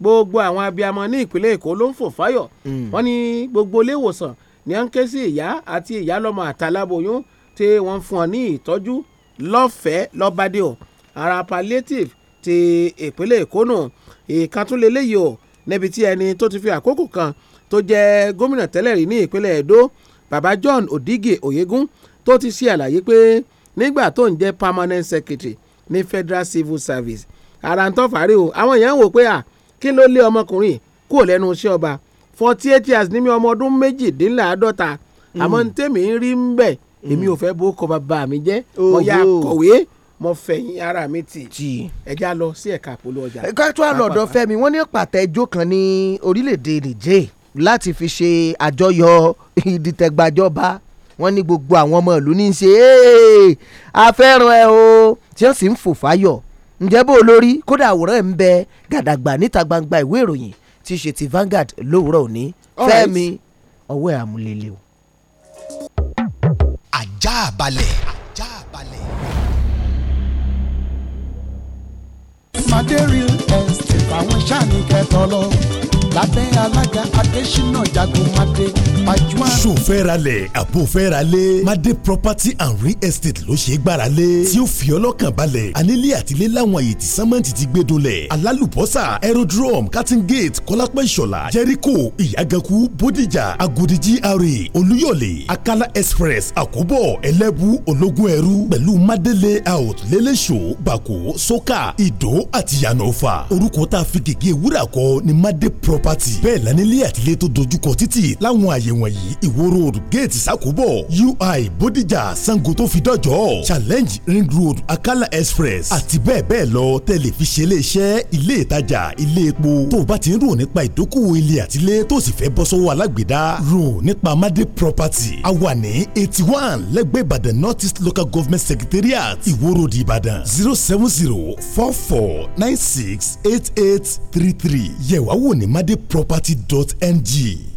gbogbo àwọn abiyamọ ní ìpínlẹ̀ èkó ló ń fò fáyọ̀ hmm. wọ́n ní gbogbo ilé ìwòsàn ni à ń ké sí ìyá àti ìyálọ́mọ àtàláboyún tí wọ́n fún ọ ní ìtọ́jú lọ́fẹ̀ẹ́ lọ́bàdé o ara palliative ti ìpínlẹ̀ èkó nù ìkàtúnlélẹ́yìí o níbi tí ẹni tó ti fi àkókò kan tó jẹ́ gómìnà tẹ́lẹ̀ rí ní ìpínlẹ̀ Ẹdó baba John Odige Oyegun tó ti ṣe àlàyé pé nígbà tó ń jẹ́ permanent secretary ní Federal Civil Service ara ń tọ́fàárẹ̀ o àwọn èèyàn wò pé à kí ló lé ọmọkùnrin kúrò lẹ́nu iṣẹ́ ọba forty eight years ní mi ọmọ ọdún méjìdínláàádọ́ta hmm. àmọ́ ní tèmi ń rí ń bẹ̀ èmi ò hmm. fẹ́ bó kọ bàbá mi jẹ́ mo yà kọ̀wé mo fẹ̀yìn ara mi tì ẹja lọ sí ẹ̀ka polówó ọjà. ká tó àlọ́dọ̀ fẹ́mi wọ́n ní pàtẹ́jọ́ kan ní orílẹ̀-èdè Niger láti fi ṣe àjọyọ̀ ìdìtẹ̀gbàjọba wọ́n ní gbogbo àwọn ọmọ ìlú ní í ṣe afẹ́ràn ẹ o tí wọ́n sì ń fò fáyọ̀ ǹjẹ́ bó olórí kódà àwòrán ẹ̀ ń bẹ gàdàgbà níta gbangba ìwé ìròyìn tí í ṣe ti Vanguard lówùúrọ̀ òní Fẹ́mi ọwọ́ ẹ̀ àmúlélẹ̀ o. ajá balẹ̀. Màdé real estate àwọn sáàni kẹtọ lọ lábẹ́ alága adésínà jagun Màdé pajúmọ́. sòfẹ́ralẹ̀ àbòfẹ́ralẹ̀ Màdé property and real estate ló ṣe é gbáralẹ̀ tí ó fi ọlọ́kàn balẹ̀ anílé àtìlé láwọn àyè tí sẹ́mẹ́ǹtì ti gbé dolẹ̀ alálùbọ́sà aerodrome cutting gate kọ́lápẹ́ ìṣọ̀lá jẹ́ríkò ìyàgànkù bódìjà agodi gra olúyọ̀lé akala express àkóbọ̀ ẹlẹ́bù ológun ẹrú pẹ̀lú Màdé layout lẹ́lẹ́sọ̀ bàkó sọ́kà ìdó àti yànà ọ̀fà orúkọ tá a fi gègé wúrà kọ ni Made property bẹ́ẹ̀ lanílé àtìlẹ́ tó dojúkọ títì láwọn àyè wọ̀nyí ìwó road gate sakobo ui Bódìjà Sango tó fi dọ́jọ́ challenge ring road Akala express àti bẹ́ẹ̀ bẹ́ẹ̀ lọ tẹlifíṣẹ́ iléeṣẹ́ ilé ìtajà ilé epo tó o bá ti ń rò nípa ìdókòwò ilé àtìlẹ́ tó sì fẹ́ bọ́ sọ́wọ́ alágbèédá rò nípa Made property a wà ní eighty one lẹ́gbẹ̀ẹ́ Ìbàdàn North Local Government Secretariat Ìwó road Ìbàdàn zero seven zero four four nine six eight eight three three yẹ̀wá wò ní madeproperty dot ng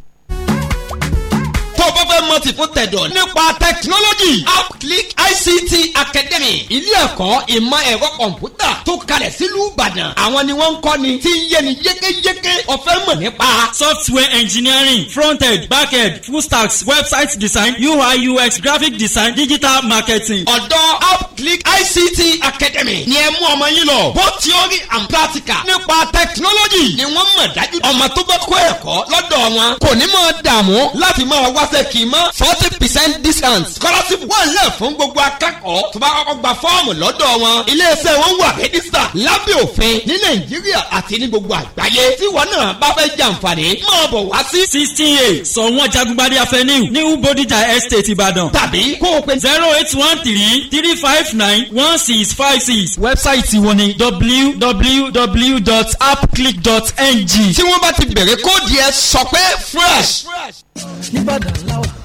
fáfọ́tì fún tẹ̀dọ̀ nípa tẹkinọ́lọ́jì Upclick ICT Academy ilé ẹ̀kọ́ ìmọ̀ ẹ̀rọ kọ̀m̀pútà tó kalẹ̀ sílùú Ìbàdàn àwọn ni wọ́n ń kọ́ ni ti ń yé ni yékéyéké ọ̀fẹ́ mọ̀ nípa. software engineering frontend backend full stacks website design UI UX graphic design digital marketing. ọ̀dọ́ Upclick ICT Academy ni ẹ mú ọmọ yín lọ bó theory and practical nípa tẹkinọ́lọ́jì ni wọ́n mọ̀ dájú ọmọ tó bá kó ẹ̀kọ́ lọ́dọ̀ wọn kò ní máa dààmú láti máa wáṣẹ́ kì í máa mọ́ forty percent discount scholarship wà lẹ̀ fún gbogbo akẹ́kọ̀ọ́ tó bá kọ́kọ́ gba fọ́ọ̀mù lọ́dọ̀ wọn iléeṣẹ́ wọn wà rẹ́díṣà lábẹ́ òfin ní nàìjíríà àti ní gbogbo àgbáyé tí wọn náà bá fẹ́ jàǹfààní máa bọ̀ wá sí. sixteen eight sọ̀wọ́n jagunbari afẹ́niw ní ubodija estate ibadan. tàbí kó o pe zero eight one three three five nine one six five six wẹ́bsáìtì wọn ni www.appclick.ng tí wọ́n bá ti bẹ̀rẹ̀ kóòdù yẹn sọ pé fresh. fresh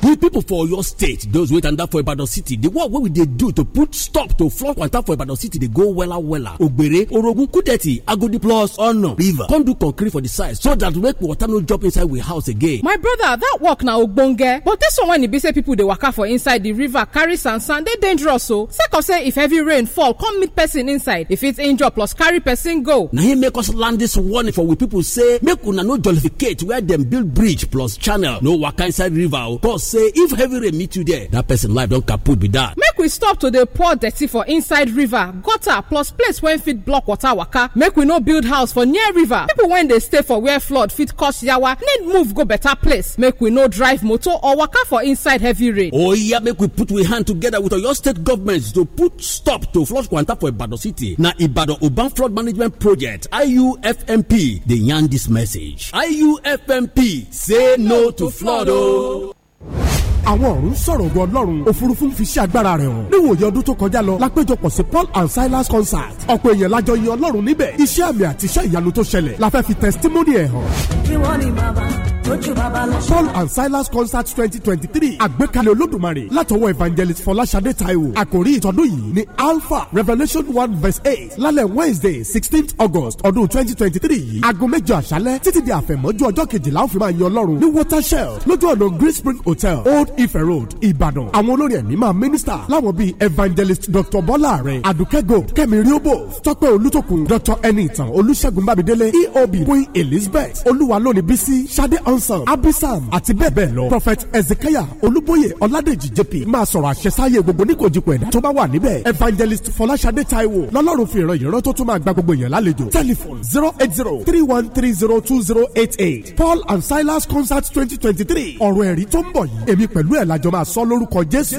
we people for your state those wey tanda for ibadan city The work wey we dey do to put stop to flood water for ibadan city They go wella wella ogbere orogun kudeti agodi plus ono river come do concrete for the side so that make water no drop inside we house again. my brother, that work na ogbonge but dis one wen e be say pipo dey waka for inside the river carry sand sand They dangerous so. Second say if heavy rain fall come meet person inside If fit injure plus carry person go. Now he make us land this warning for we people say make una no jollificate where them build bridge plus channel no waka inside river o oh, cause say if heavy rain meet you there that person life don kaput be that. make we stop to dey pour dirty for inside river gutter plus place wey fit block water waka make we no build house for near river people wey dey stay for where flood fit cause yawa need move go better place make we no drive motor or waka for inside heavy rain. oya oh, yeah, make we put we hand together with oyo state government to put stop to flood kwanta for ibadan city na ibadan urban flood management project iufmp dey yarn dis message iufmp say no to flood. lọ́dọ̀ àwọn ọ̀run sọ̀rọ̀ ògo ọlọ́run òfurufú fi ṣe agbára rẹ̀ hàn. níwòye ọdún tó kọjá lọ lápéjọpọ̀ sí Paul and Silas concert ọ̀pọ̀ èèyàn lájọ yin ọlọ́run níbẹ̀ iṣẹ́ àmì àti iṣẹ́ ìyanu tó ṣẹlẹ̀ la fẹ́ fi testimony ẹ̀ hàn. kí wọ́n ní bàbá Paul and Silas concert twenty twenty three àgbékalẹ̀ olódùmarè látọwọ́ evangelist Fọláṣadé Taiwo àkòrí ìtọ́dún yìí ni Alpha Revelation one verse eight lálẹ́ Wednesday sixteenth August ọdún twenty twenty three yìí aago mẹ́jọ àṣálẹ́ títí di àfẹ̀mọ́jú ọjọ́ kejìlá ó fi máa yan Ọlọ́run ní water lójú ọ̀nà Green Spring Hotel Old Ife Road Ìbàdàn àwọn olórin ẹ̀mí máa mínísítà láwọn bíi evangelist Dr. Bọ́lá Àrẹ Àdùkẹ́ Gold Kẹ́mi Riobo Tọ́pẹ́ Olútòkun Dr. Ẹniìtàn Olúṣẹ́gun Bámidélé EOB Queen Elizabeth Olúwa lónìí Bísí Ṣadé Hans samson abisam àti bẹ́ẹ̀ bẹ́ẹ̀ lọ prophet ezekiah olúbóyè ọládèjì jp máa sọ̀rọ̀ àṣẹsáyé gbogbo níkojúpọ̀ ẹ̀dá tó bá wà níbẹ̀ evangelist fọláṣadé taiwo lọ́lọ́run fi ìran ìran tó tún máa gba gbogbo èèyàn lálejò telephone zero eight zero three one three zero two zero eight eight paul and silas concert twenty twenty three ọ̀rọ̀ ẹ̀rí tó ń bọ̀ yìí èmi pẹ̀lú ẹ̀ lájọ máa sọ lórúkọ jésù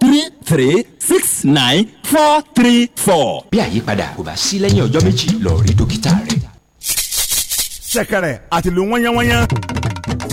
three three six nine four three four. bí àyípadà kò bá sí lẹ́yìn ọjọ́ méjì lọ rí dókítà rẹ. ṣẹ̀kẹ̀rẹ̀ àtìlù wọ́nyánwọ́nyán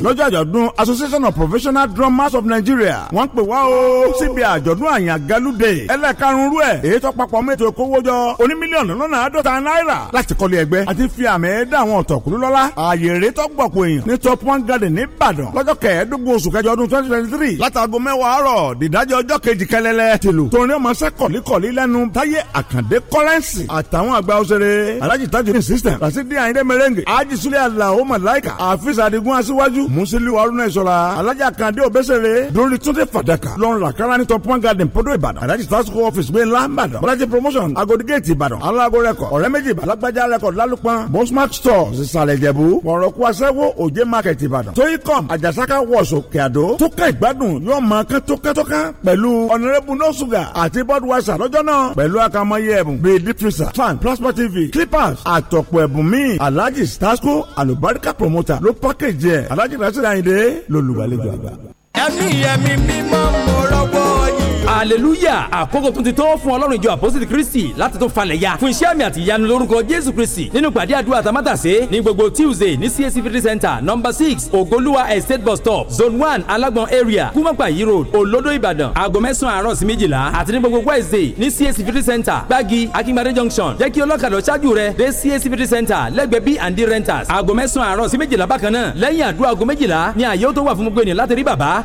lọ́jọ́ àjọ̀dún association of professional drummers of nigeria wọ́n ń pè wá o síbi àjọ̀dún àyàn galude ẹlẹ́karùn-ún rú ẹ̀ èyí tó papọ̀ mẹ́tò kówójọ oní mílíọ̀nù lọ́nà àádọ́ta náírà láti kọ́lé ẹgbẹ́ àti fi àmì ẹ̀dá àwọn ọ̀tọ̀kùlú lọ́lá ààyè rẹ̀ tó gbọ̀pọ̀ èèyàn ní top one garden ní ìbàdàn lọ́jọ́ kẹẹ̀ẹ́dógún oṣù kẹjọ ọdún twenty twenty three látàgọ́ mẹ́wàá àárọ̀ dìdájọ́ ọjọ́ kejì kẹlẹ́lẹ́ tìlù torin ọmọ sẹ́ kọ̀líkọ̀lí lẹ́nu táyé àkàndé kọ́lẹ́ǹsì àtàwọn àgbà òṣèré alájì tajudeen system rasidi ayinde merengue ajisule alao malaika afisa adigun aṣíwájú Musili haruna isola. alájà kan dé òbẹ́sẹ̀rẹ̀ lórí túnde fadaka lọ́run làkàrà ní tọpọ́n garden podo ìbàdàn adájí tásùkò ọ́fíìsì gbé ńlá ìbàdàn bọ́lájí promotion agodi gate ìbàdàn alágo record ọ̀rẹ́ méjì alágbájá record lálùpọ̀n bosmark stores ìsàlẹ̀ ìjẹ̀bú wọ̀rọ̀kú aṣẹ́wó òjé market ìbàdàn toyicom àjàsáká wọ̀ṣọ̀ kẹ̀dó tókà ìgbádùn yóò máa kán tókàtókà pẹ̀lú ọ̀nẹ́rẹ́bù nọ́ṣùgà àti budweiser lọ́jọ́ náà pẹ̀lú akamọ́yé ẹ̀bùn bíi deep freezer fan plasma tv clippers àtọ̀pọ̀ ẹ̀bùn míì alhaji tásùkò alubarika promoter ló package ẹ̀ alhaji Akinrasheed Ayinde lolùgbàlejò àgbà ẹ̀mí ẹ̀mí mímọ́ mo rọ́wọ́ yìí. aleluya àkókò tún ti tó fún ọlọ́run ìjọ àpọ́sítì kristi láti tún falẹ̀ ya fún iṣẹ́ àmì àti ìyanu lórúkọ jésù kristi nínú ìpàdé àdúrà tamátàsé ní gbogbo tuesday ní csc fifty center number six ogoluwa estate bus stop zone one alágbọn area kúmọ̀pàyí road olodo ìbàdàn aago mẹ́sàn-án àárọ̀ sí méjìlá àti ní gbogbo wednesday ní csc fifty center gbági akíngbadé junction jẹ́ kí ọlọ́kadà ṣáájú rẹ dé csc fifty center lẹ́gbẹ̀ẹ́ b and d renters aago mẹ́sàn-án àárọ̀ sí méjìlá bákan náà lẹ́yìn àdúrà aago méjìlá ni àyè ó tó wà fún gbogbo ènìyàn láti rí bàbá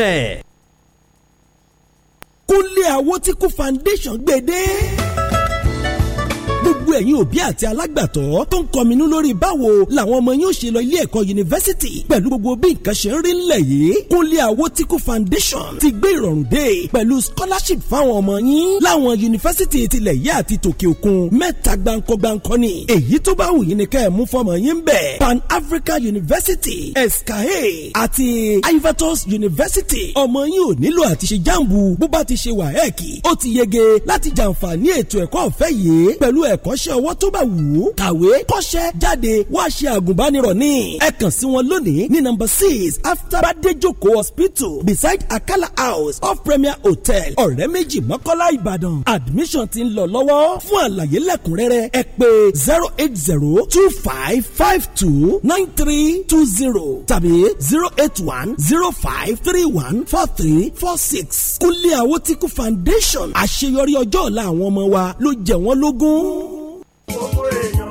bẹ́ẹ̀. kúnlé àwòtíkù foundation gbèdé gbogbo ẹ̀yin òbí àti alágbàtọ́ tó ń kọminú lórí báwo làwọn ọmọ yín ó ṣe lọ ilé ẹ̀kọ́ yunifásitì pẹ̀lú gbogbo bí nǹkan ṣe ń rí ńlẹ̀ yìí Kúnlé Awótíkù Foundation ti gbé ìrọ̀rùn dé pẹ̀lú scholarship fáwọn ọmọ yín láwọn yunifásitì tilẹ̀ yìí àti tòkè òkun mẹ́ta gbáǹkọ́ gbáǹkọ́ ni èyí tó bá wù yín ni kẹ́ ẹ̀ mú fọmọ yín bẹ̀ Pan Africa University escahe àti Ivatos University ọmọ yín ò nílò àti ṣe jáàmù bó bá ti ṣe wàhẹ́ẹ̀kì ó ti yege láti jàǹfààní ètò ẹ̀kọ́ ọ̀fẹ́ kọ́ṣẹ́ ọwọ́ tó bá wù ú kàwé kọ́ṣẹ́ jáde wá ṣe àgùnbánirọ̀ ní. ẹ kàn sí wọn lónìí ní number six after badejoko hospital beside akala house of premier hotel ọ̀rẹ́ méjì mọ́kọ́lá ìbàdàn admission ti ń lọ lọ́wọ́ fún àlàyé lẹ́kùnrẹ́rẹ́ ẹ pè zero eight zero two five five two nine three two zero tàbí zero eight one zero five three one four three four six kúnlé àwòtíkù foundation àṣeyọrí ọjọ́ ọ̀la àwọn ọmọ wa ló jẹ wọ́n lógún. ¡Vamos por ello!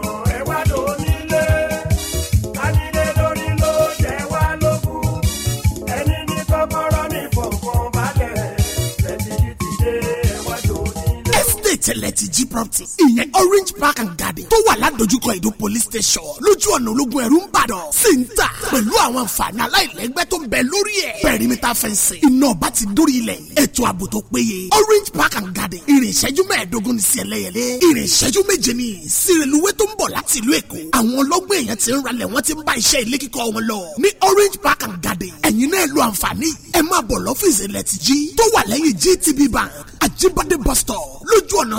ṣẹlẹ̀ ti property. ìyẹn orange park and garden tó wà ládojúkọ ìdó police station lójú ọ̀nà ológun ẹ̀rú ń bàdàn sí ń tà pẹ̀lú àwọn àǹfààní aláìlẹ́gbẹ́ tó ń bẹ lórí ẹ̀. pẹ̀rímítà fẹ́ǹsì iná ọba ti dórí ilẹ̀ ètò ààbò tó péye orange park and garden ìrìn ìṣẹ́jú mẹ́ẹ̀ẹ́dógún ní sí ẹlẹ́yẹlé ìrìn ìṣẹ́jú méje ní sírèlúwé tó ń bọ̀ láti ìlú èkó àwọn ọlọ́gbọ́n èèyàn ti ń ralẹ̀ wọ́n ti ń bá iṣẹ́ ilé kíkọ́ orange park and garden ẹ̀yin náà lo àǹfààní ẹ máa bọ̀ lọ́fíìsì lẹ́tìjí tó wà gtb bank àjíbádé bus stop lójú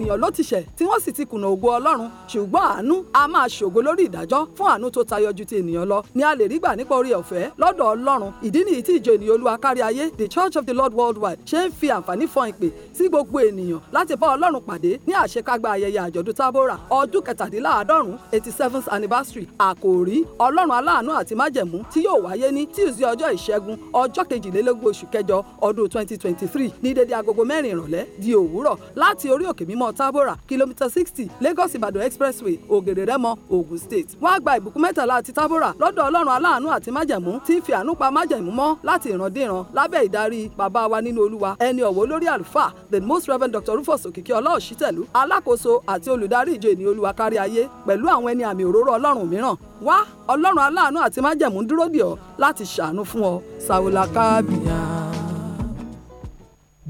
ènìyàn ló ti ṣẹ̀ tí wọ́n sì ti kùnà ògo Ọlọ́run ṣùgbọ́n àánú a máa ṣògo lórí ìdájọ́ fún àánú tó tayọ ju ti ènìyàn lọ ni a lè rí gbà nípa orí ọ̀fẹ́ lọ́dọ̀ Ọlọ́run ìdí nìyí tí ìjọ ènìyàn Olúwa kárí ayé The Church of the Lord Worldwide ṣe ń fi àǹfààní fọn ìpè sí gbogbo ènìyàn láti bá Ọlọ́run pàdé ní àṣekágbá ayẹyẹ àjọ̀dún Tábórà ọdún kẹtàdínláàádọ́rùn eighty seventh anniversary àkòrí Ọlọ́run aláàánú àti májẹ̀mú tí yóò wáyé ní Tuesday ọjọ́ ìṣẹ́gun ọjọ́ kejìlélógún oṣù kẹjọ ọdún twenty twenty three ní dédé agogo mẹ́rin ìrọ̀lẹ́ di òwúrọ̀ láti orí òkè mímọ́ ìbàdàn tábòrà sixty lagos ibadan expressway ògèrè ogun state. wọ́n á gba ìbùkún mẹ́tàlá àti tábòrà lọ́dọ̀ ọlọ́run aláàánú àti májẹ̀mú tí ń fi àánú pa májẹ̀mú mọ́ láti ìrandíran lábẹ́ ìdarí bàbá wa nínú olúwa ẹni ọ̀wọ́ olórí àlùfáà the most reverend dr rufus òkìkí ọláòṣìtẹ̀lú alákòóso àti olùdarí ìjọ ènìyàn olúwa kárí ayé pẹ̀lú àwọn ẹni àmì òróró ọlọ́run mìíràn wá ọlọ́run aláàánú àti májẹ̀mú dúró dì ọ́ láti ṣàánú fún ọ sàwòlà káàbì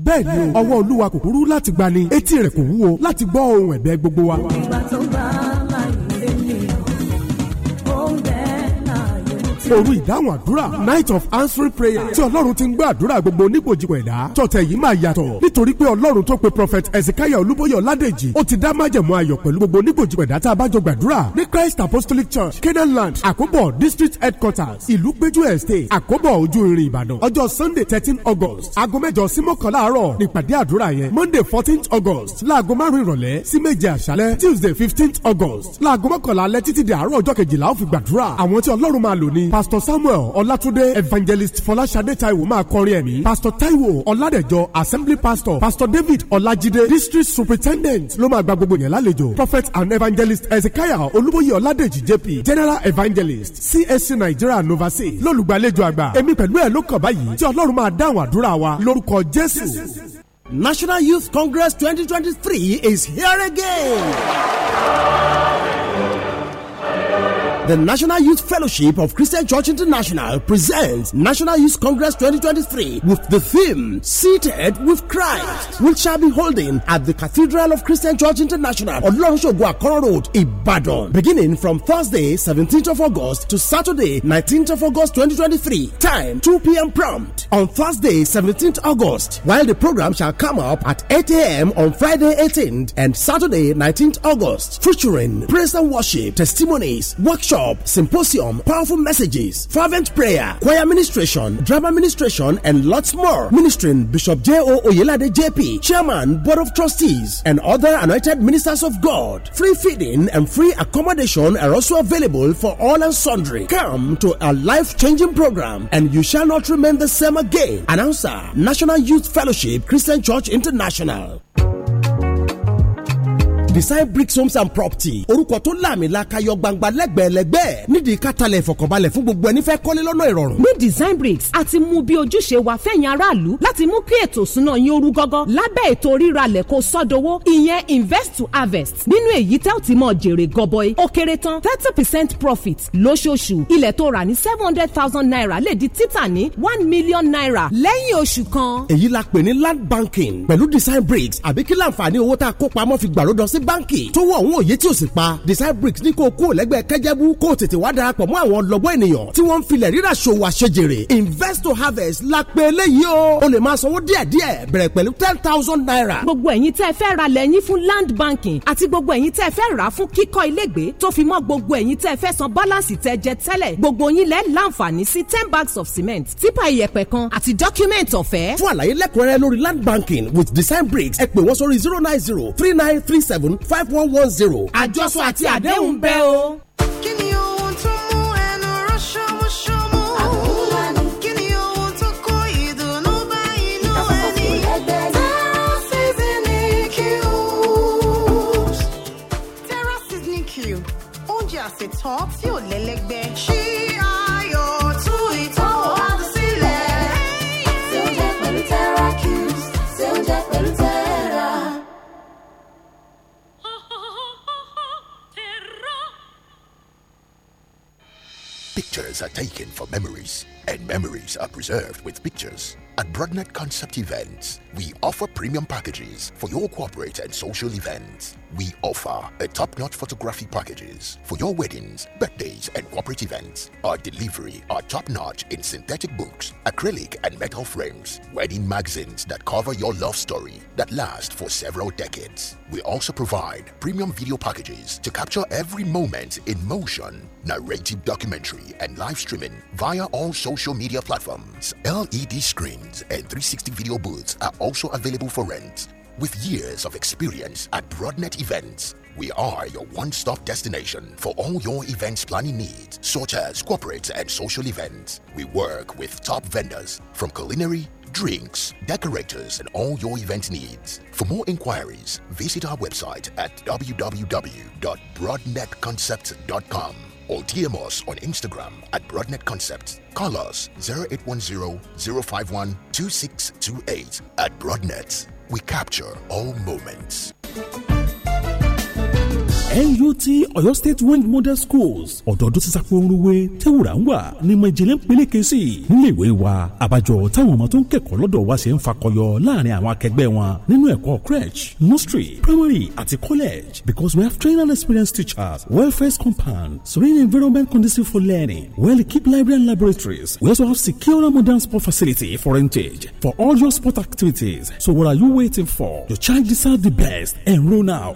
bẹ́ẹ̀ ni o ọwọ́ olúwa kò kúrú láti gbani etí rẹ̀ kò wúwo láti gbọ́ ohùn ẹ̀bẹ̀ gbogbo wa. fún òru ìdáhùn àdúrà night of answering prayer tí ọlọ́run ti ń gbọ́ àdúrà gbogbo onígbòjìgbò ẹ̀dá tọ̀tẹ̀ yìí máa yàtọ̀ nítorí pé ọlọ́run tó pe prophet ezekiah olúbóyè ọládèjì ó ti dá májẹ̀mú ayọ̀ pẹ̀lú gbogbo onígbòjìgbò ẹ̀dá tá a bá jọ gbàdúrà ní christ apostolic church canaan land àkóbọ̀ district headquarters ìlú péjú estate àkóbọ̀ ojú irin ìbàdàn ọjọ́ sunday thirteen august aago mẹ́jọ sí mọ́kànlá àárọ̀ nípàdé àdúrà yẹn monday fourteen august láago márùn-ún ìrọ̀lẹ́ sí méje àṣálẹ́ tuesday fifteen august láago mọ́kànlá alẹ́ títí di àárọ̀ ọjọ́ kejìlá ó fi gbàdúrà àwọn tí ọlọ́run máa lò ní pastor samuel ọlátúndé evangelist fọláṣadé taiwo máa kọrin ẹ̀mí pastor taiwo ọládẹjọ assembly pastor pastor david ọlájídé district superintendent ló máa gba gbogbo yẹn lálejò prophet and evangelist ezekiah olúbóyè ọládèjì jp general evangelist csc nigeria nova state lólùgbàlejò àgbà èmi pẹ̀lú ẹ̀ ló kàn báyìí tí ọlọ́run máa dáhùn àdúrà wa lórúkọ jésù. national youth congress 2023 is here again. The National Youth Fellowship of Christian Church International presents National Youth Congress 2023 with the theme Seated with Christ, which shall be holding at the Cathedral of Christian Church International on Longshogwa Akon Road, Ibadan, beginning from Thursday, 17th of August to Saturday, 19th of August 2023. Time 2 p.m. prompt on Thursday, 17th August, while the program shall come up at 8 a.m. on Friday, 18th and Saturday, 19th August, featuring praise and worship, testimonies, workshops workshop, symposium, powerful messages, fervent prayer, choir ministration, drama administration, and lots more. Ministering Bishop J.O. Oyelade JP, Chairman, Board of Trustees, and other anointed ministers of God. Free feeding and free accommodation are also available for all and sundry. Come to a life changing program, and you shall not remain the same again. Announcer, National Youth Fellowship, Christian Church International. design bricks homes and property orúkọ tó láàmìlaka yọ gbangba lẹ́gbẹ̀ẹ́lẹ́gbẹ́ nídìí kátàlẹ̀ ìfọ̀kànbalẹ̀ fún gbogbo ẹni fẹ́ kọ́lé lọ́nà ìrọ̀rùn. ní design bricks a ti mú bí ojúṣe wa fẹ̀yìn aráàlú láti mú kí ètò ìsúná yín ó rú gọ́gọ́ lábẹ́ ètò ríralẹ̀ kó sọ́dowó ìyẹn invest to harvest nínú èyí tẹ́ ò ti mọ̀ jèrè gọbọi ó kéré tán thirty percent profit lóṣooṣù ilẹ̀ tó rà ní seven hundred thousand naira lè di títà ní one million naira lẹ́yìn oṣù kan. èyí land banking pẹ̀lú design bricks àbí kí láǹfààní owó tá a kó báǹkì tó wọ òun òye tí o sì pa design bricks ní kó kú lẹ́gbẹ̀ẹ́ kẹ́jẹ́bú kó tètè wá darapọ̀ mọ́ àwọn lọ́gbọ́n ènìyàn tí wọ́n ń filẹ̀ rírà ṣòwò àṣejèrè invest to harvest la pé eléyìí o o lè máa sanwó díẹ̀díẹ̀ bẹ̀rẹ̀ pẹ̀lú ten thousand naira. gbogbo ẹ̀yin tẹ́ ẹ fẹ́ ra lẹ́yìn fún land banking àti gbogbo ẹ̀yin tẹ́ ẹ fẹ́ rà fún kíkọ́ ilégbèé tó fi mọ́ gbogbo ẹ̀yin tẹ́ ẹ fẹ́ san bọ́láǹsì tẹ́ jẹ tẹ́lẹ̀ gbogbo yín lẹ́ láǹfààní sí ten bags of cement tipa iyẹ̀pẹ̀ kan àti document ọ̀fẹ́. fún àlàyé lẹ́kùnrẹ́rẹ́ lórí land banking with design bricks ẹ pè wọ́n sórí zero nine zero three nine three seven Five one one zero. five one one zero àjọsọ àti àdéhùn bẹ́ẹ̀ o. kí ni tó tí ò lẹ́lẹ́gbẹ́. pictures are taken for memories and memories are preserved with pictures. At Broadnet Concept Events, we offer premium packages for your corporate and social events. We offer a top-notch photography packages for your weddings, birthdays, and corporate events. Our delivery are top-notch in synthetic books, acrylic and metal frames, wedding magazines that cover your love story that last for several decades. We also provide premium video packages to capture every moment in motion, narrative documentary, and live streaming via all social social media platforms. LED screens and 360 video booths are also available for rent. With years of experience at Broadnet Events, we are your one stop destination for all your events planning needs, such as corporate and social events. We work with top vendors from culinary, drinks, decorators, and all your event needs. For more inquiries, visit our website at www.broadnetconcepts.com or DM us on Instagram at Broadnet Concepts. Call us 0810 051 2628 at Broadnet. We capture all moments. NUT Ọ̀yọ́ State Wing Model Schools ọ̀dọ́dún sísá pé orunwe tẹ́wùrà ń wà ní ìmọ̀ ìjìnlẹ̀ ń peléke sí i nílé ìwé wa àbájọ táwọn ọmọ tó ń kẹ́kọ̀ọ́ lọ́dọ̀ wa ṣe ń fakọyọ láàrin àwọn akẹgbẹ́ wọn nínú ẹ̀kọ́ crèche nursery primary àti college because we have trained and experienced teachers welfare compound serene environment conducive for learning well equipped library and laboratories we also have secure and modern sport facility for rentage for all your sport activities so what are you waiting for your child deserves the best enroll now